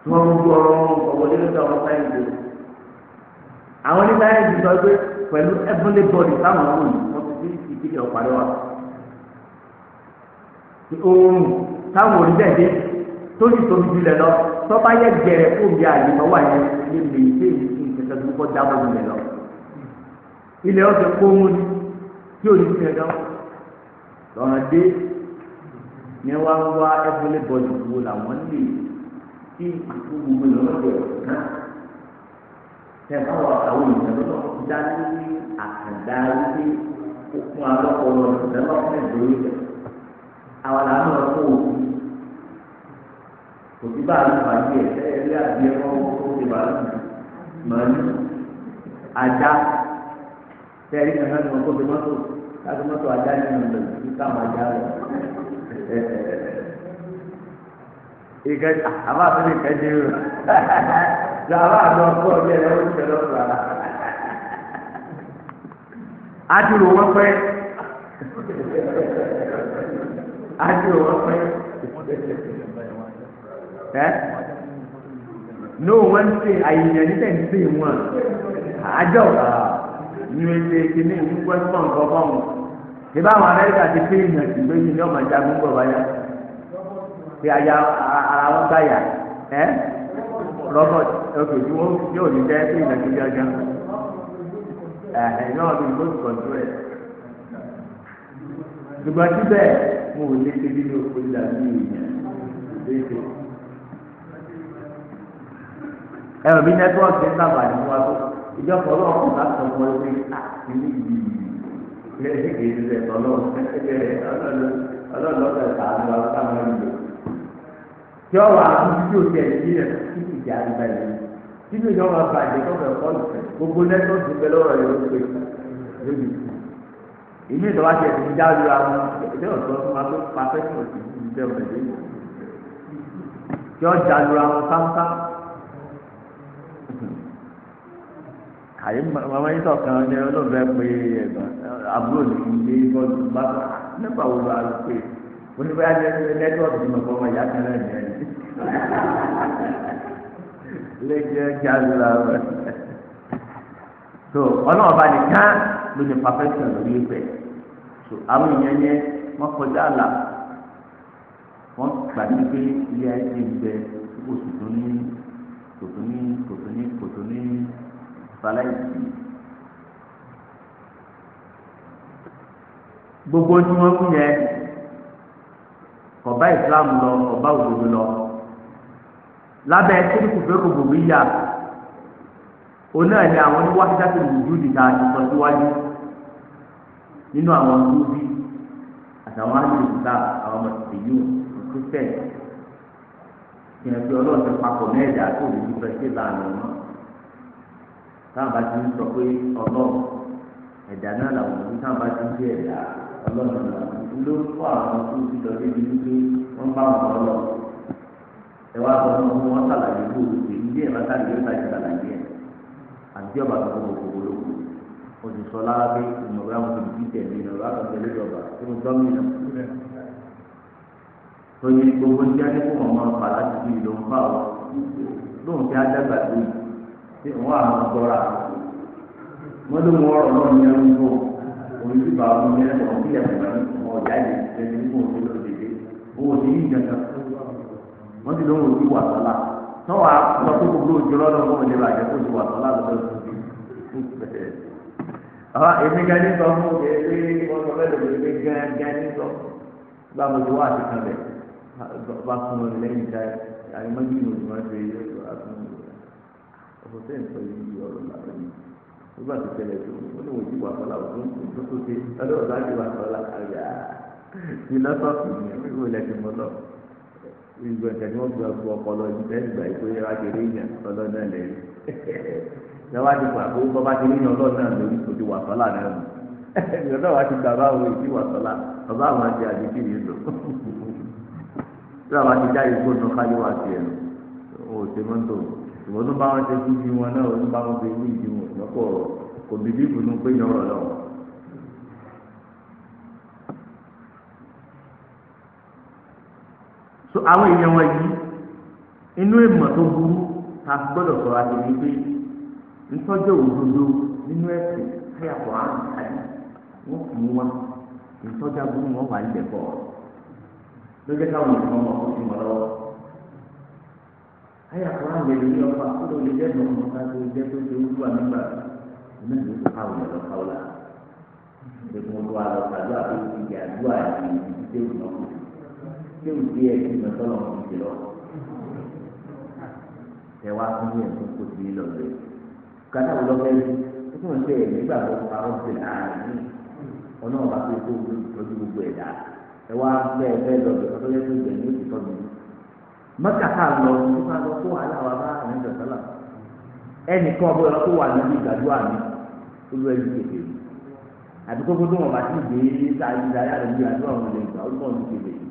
tí wọ́n ń gbọ́ ọ̀rọ̀ ọ̀wọ́ lé lọ́dọ̀ ọmọ sáyẹ̀nsì àwọn ní sáyẹ̀nsì sọ pé pẹ̀lú ẹ̀fúnlé bọ́ọ̀lì táwọn ọmọ yìí wọ́n ti fi ìpínlẹ̀ ọ̀parí wa oorun táwọn onídẹ̀ẹ́dẹ́ tó ní tóbi jùlẹ̀ lọ tọ́ bá yẹ gẹ̀rẹ̀ fún mi àyè lọ́wọ́ yẹn lè ilẹ̀ ọ̀sẹ̀ kó mú ni tí ò ní ti ẹ̀dá lọ́nà dé ní wá ń wá ẹgbẹ́lẹ́ bọ́ọ̀lù wo làwọn lè kí àkókò wọn lọ́wọ́ bẹ̀ náà tẹ̀ bá wà àwọn ìṣẹ̀lẹ̀ lọ dá lórí àkàndá wípé okun alọ́pọ̀lọ́ ìṣẹ̀lẹ̀ ọ̀fẹ́ lórí rẹ̀ àwọn làwọn lọ kó òkú òtí bá àlọ́ fàájì ẹ̀ ẹ̀ lé àbí ẹ̀kọ́ òkú ti bá àlọ́ màálù ajá tẹ́lẹ̀ náà ní wọn kó fi mọ́tò káfí mọ́tò ajá ní ọ̀nà ní káwọn ajá lọ. ìkẹ́ àbá tó ní ìkẹ́ jẹ́ rẹ̀ lọ àbá àlọ́ ọkọ̀ ọ̀dẹ́ ẹ̀rọ ń tẹ̀lé ọ̀dọ̀ àlá. wọn pẹ́ adúrò wọn pẹ́ ẹ́ no wọ́n ń ṣe àyìnbó ní tẹ̀ ń ṣe wọn àjọ ní ewé kíní ìdúgbò tó ń bọ̀ bọ̀ wọn. ìbá àwọn amẹ́ríkà ti pé ìyàn sí pé ìyàn ọmọ ìjà gbogbo ọba yá ti àyà ara wọn gbà yà ẹ́ robert ok tí wọ́n yóò ní jẹ́ pé ìyàn ti gángan ẹ̀hìn náà ni ìbò ti kọ̀jú ẹ̀. ṣùgbọ́n síbẹ̀ mo ò lè ṣe bí ní òkú ìdàgbé ìyàn ìgbésẹ̀ ẹ̀rọ bí nẹ́tíwọ́ọ̀kì ń sábà ní wọ́n tó ìjọba ọlọ́run bá sọ fún ẹgbẹ́ àtìlú yìí lẹ́yìn kìí ṣe ẹ̀tọ́ náà ẹgbẹ́ ọlọ́run ọ̀sẹ̀ sàánú wa sáwọn ẹ̀yìn tí ó wà ní ojú òkè ẹ̀yìn rẹ̀ kí ni ìjà àgbà yìí kí ni ìjọba bàjẹ́ tó fẹ́ kọ́ lùfẹ́ gbogbo nẹ́tọ́ọ̀tì bẹ́ẹ̀ lọ́rọ̀ yóò pé lóbi ìlú ìjọba ti ẹ̀sìn já lu àwọn ilé ọ̀dọ́ tó máa tó pàfẹ́sì òsì ìjọba ẹ̀dẹ́ yìí tí ó já lu àwọn sáńsáń àyè màmá yìí sọ̀kan ní olóòfẹ́ pé àbúrò ní ilé bọ́ọ̀lù bá wà nígbà wo la lọ pé oníbàyà lẹ́tọ̀ọ̀tì mọ̀ fọmọ ìyá kan náà ní ẹni lẹ́jẹ̀ jáde la rẹ̀ so ọlọ́run ọba nìkan ló ní perfection lórí ìfẹ́ so àwọn èèyàn yẹn wọ́n kọjá àlà wọ́n gbàgbé pé ilé ayé ti ń bẹ kò tó ní kò tó ní kò tó ní kò tó ní fàlàyé gbogbo tí wọ́n kú yẹn kọba islam lọ kọba òdodo lọ lábẹ́ kíríkù fẹẹ kò gbòmí yá oní ẹni àwọn ní wáṣíṣà tó lù jù dìda ìsọ síwájú nínú àwọn lùbí àtàwọn àjòyìnká àwọn ọmọ ìsèyí òkúté kí ẹ ọlọ́ọ̀tẹ̀ papọ̀ mẹ́ẹ̀dá tó lè ju fẹsẹ̀ lánàá náà táwọn bá ti ń sọ pé ọlọ́run ẹ̀dá náà làwọn òbí táwọn bá ti ń fi ẹ̀dá ọlọ́run làwọn ló kọ́ àwọn tó ti lọ débi wípé wọ́n bá wọn lọ ẹ wá sọ fún wọn wọn sàlàyé kó o ṣe ilé ẹ̀ bá sàlàyé ó sàlàyé sàlàyé ẹ̀ àti ọba tó kọ́ gbogbo olóko o ti sọ lára pé ìmọ̀gbẹ́ àwọn tó ti tẹ̀lé ìnáwó àkọsílẹ̀ lórí ọba tó ń tọ́ mìíràn tó ní gbogbo ní adé fún ọmọ ọba láti tí òun àmọ́ gbọ́ra wọ́n ló mú ọ̀rọ̀ náà ní ẹrú tó òun sì bá wọn ní ẹ̀rọ ní ẹ̀rọ ní ọmọ ọ̀já yìí lẹ́nu ní kóòtù ló dìde owó ti yí ìjọba wọ́n ti lóun òbí wà sọ́la náà wàá lọ sí gbogbo òjò lọ́dọ̀ fún òjò àjẹ kó ti wà sọ́la lọ́dọ̀ tóbi. àwọn èmi gan ní sọ fún òkè pé wọ́n sọ fẹ́ẹ́ lòdì pé gan gan ní sọ bá mo ti àti kan bẹ̀ bá fún mi lẹ́yìn ìjà àyè mọ́jú àtúntò ń sọ yìí ọ̀rọ̀ làwọn yìí ó bá ti tẹ̀lé tó ó ní ojú wà fọlá òtún tó tó dé ọdún ọ̀dọ́ àti wà fọlá àyà filosofi ni ìwé lẹ́sìn mọ́tọ́ ìgbà tẹ̀lé wọn gba ọkọ ọpọlọ yìí bẹ́ẹ̀ gbà yìí pé wá kéré yàn ọlọ́ náà lẹ̀ lọ́wọ́ ti gbà kó bọ́ bá kéré yàn ọlọ́ náà lórí ojú wà fọlá náà nù ìrọ̀lẹ́ wa ti gbà báwo ìdí wà sọ́la bàbá àwọn àti àdìsí yìí lò tí wàá ti dá ìgbóná káyọ̀ wá sí ẹ̀ lò ó ti mọ́tò ìwọ tó bá wọn ṣe kú ju wọn náà ó bá wọn fi kú ìdí wọn lọ́pọ̀ kò bìbí ìbùnú pé yàn ọ̀rọ̀ lọ́wọ́. so àwọn èèyàn wọn yìí inú ìmọ̀ tó burú ta gbọ́dọ̀ sọ àti ní pé ntọ́jọ́ òdodo nínú ẹ̀sìn káyà kọ̀ á àyè wọ́n fún wa ntọ́jà burú wọn wà nílẹ̀ bọ̀ lójú káwọn ìfọ̀mọ́ ó ti lọ́wọ́ ayé àkọ́rọ́ àwọn èdè yìí ọba kó lóde jẹ́ nù ọmọ ká lóde jẹ́ pé lóde wà nígbà ní ìlú káwọn lọ káwọn la lóde wọn wà lọ kàdó àbí ìdí àdó àti ìdí tẹ́wù náà kù tẹ́wù tí ẹ̀ ti mẹ́tọ́ lọ fún ti lọ. ẹ wá fún yẹn tó kó sí lọ lé kàdá wọn lọ́fẹ́ yìí ó tún ṣe ẹ̀ nígbà tó pa ó ti là á ní ọ̀nà ọ̀bà tó tó tọ́jú gbogbo ẹ̀dá ẹ wá fẹ́ ẹ fẹ́ lọ bẹ̀rẹ̀ tó yẹ kó gbẹ̀mí ó ti tọ́jú mọ́kàtà lọ tó bá lọ kó wàhálà wà bá àwọn ẹ̀jẹ̀ sọ́là ẹnìkan ọ̀bọ̀ yọ kó wà níbi ìgbàdúrà mi olú ẹni kébé mi àti kókó tó wọn bá ti gbé ní sáyé ìdáyà rẹ̀ bí àdúrà wọn lè gbà olúkọ́ ní kébé mi.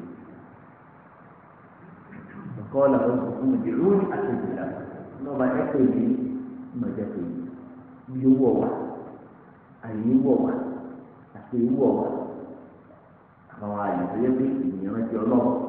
ọ̀kọ́ làwọn sọ fún mi dé lórí àtẹ̀jẹ̀ rà lọ́ba ẹ̀kọ́ èmi mọ̀jẹ̀ pé bí owó ọ̀wà àyè owó ọ̀wà àti owó ọ̀wà àwọn àyè tó yẹ pé ènìyàn ti ọlọ́run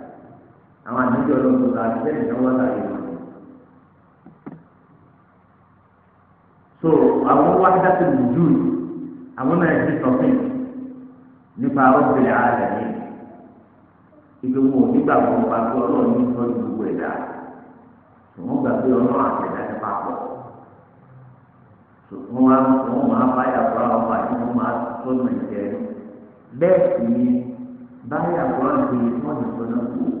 àwọn àdéjọ ọlọ́run la àtijọ́ ìyàwó láàyè wọn. so àwọn wá dákẹ́ lùdú àwọn náà ti sọ̀fin nípa ọ̀gbìn ààrẹ yìí ìgbé wo nígbà wo nípa pé ọlọ́run ní sọ gbogbo ẹ̀dá wọ́n gbà pé ọlọ́run àtẹ̀dá ti papọ̀ wọ́n wá wọ́n máa báyà kúrò àwọn ọmọ àti wọ́n máa tó nàìjẹ́ bẹ́ẹ̀ sì ni báyà kúrò àwọn ọmọ àti wọ́n ti sọ náà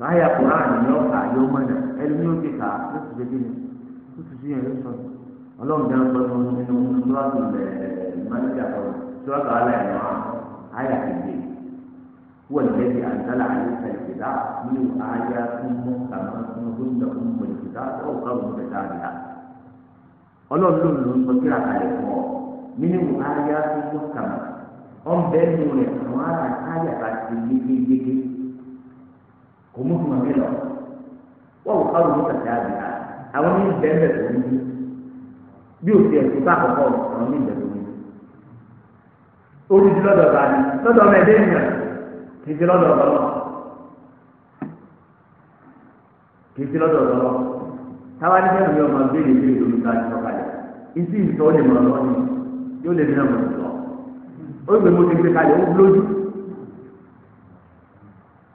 báyà Kùránì ni yọ ká yọ mọ̀nà ẹlòmíì ó ti kà ó ti dédé ni ó ti sí ẹ̀rọ sọ ọlọ́run jẹ́ ọgbọ́n tó nínú sọ́ọ̀tù mẹ́tì àtọ̀rọ̀ sọ́ọ̀tù aláìmọ́ àyà kéde wọ́n lè di àǹtálà àyè kàlìkìtà nínú àyà tó kàmá nínú gómìnà tó mú kàlìkìtà tó káwọn ọmọ bẹ̀tà àdìyà ọlọ́run ló ń lò sọ kí àkàlẹ̀ fọ́ nínú àyà tó kàmá ọ̀nbẹ́ni kò mú fún mi lọ wọ́n wò káwọn ní kàtà àbí ha àwọn ní bẹ́ẹ̀ tó ní bí o tiẹ̀ tó bá àkọ́kọ́ àwọn ní bẹ́ẹ̀ tó ní olùdí lọ́dọ̀ bá ní lọ́dọ̀ ọmọ ẹ̀dẹ́ ènìyàn kì í ti lọ́dọ̀ ọ̀dọ́ kì ti lọ́dọ̀ ọ̀dọ́ táwa ní bẹ́ẹ̀ ọmọ béèrè béèrè olùkọ́ àti ọ̀kalẹ̀ ìsì ìtọ́ lè lọ́ọ́ ni yóò lè mìíràn mọ̀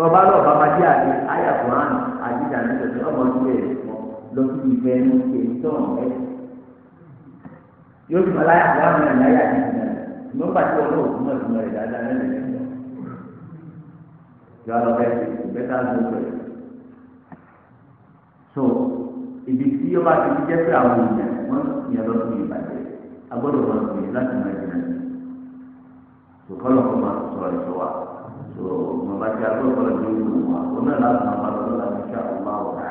bọ́ba lọ bàbá jẹ́ àdé àyà kùránì àdídà nítorí ọmọ ìwé ẹ̀kọ́ lọ sí ìfẹ́ ní èyí tó ń bẹ́. yóò fọlá àyà kùránì àyà àyà àdídà ní wọ́n bá tí wọ́n lọ òkú mọ̀ ìtumọ̀ rẹ̀ dáadáa lẹ́nu rẹ̀ lọ. yọ lọ bẹ́ẹ̀ sí bẹ́tà ló rẹ̀. so ibi tí ó bá ti jẹ́ pé àwọn èèyàn wọ́n yẹ lọ sí ìbàjẹ́ agbọ́dọ̀ wọn sì láti máa jìnnà so mo bá ti agbóhùn ọ̀rọ̀ ní ìlú wa ó náà láti máa bá lọ́wọ́ láti ṣe àwọn máa wà á.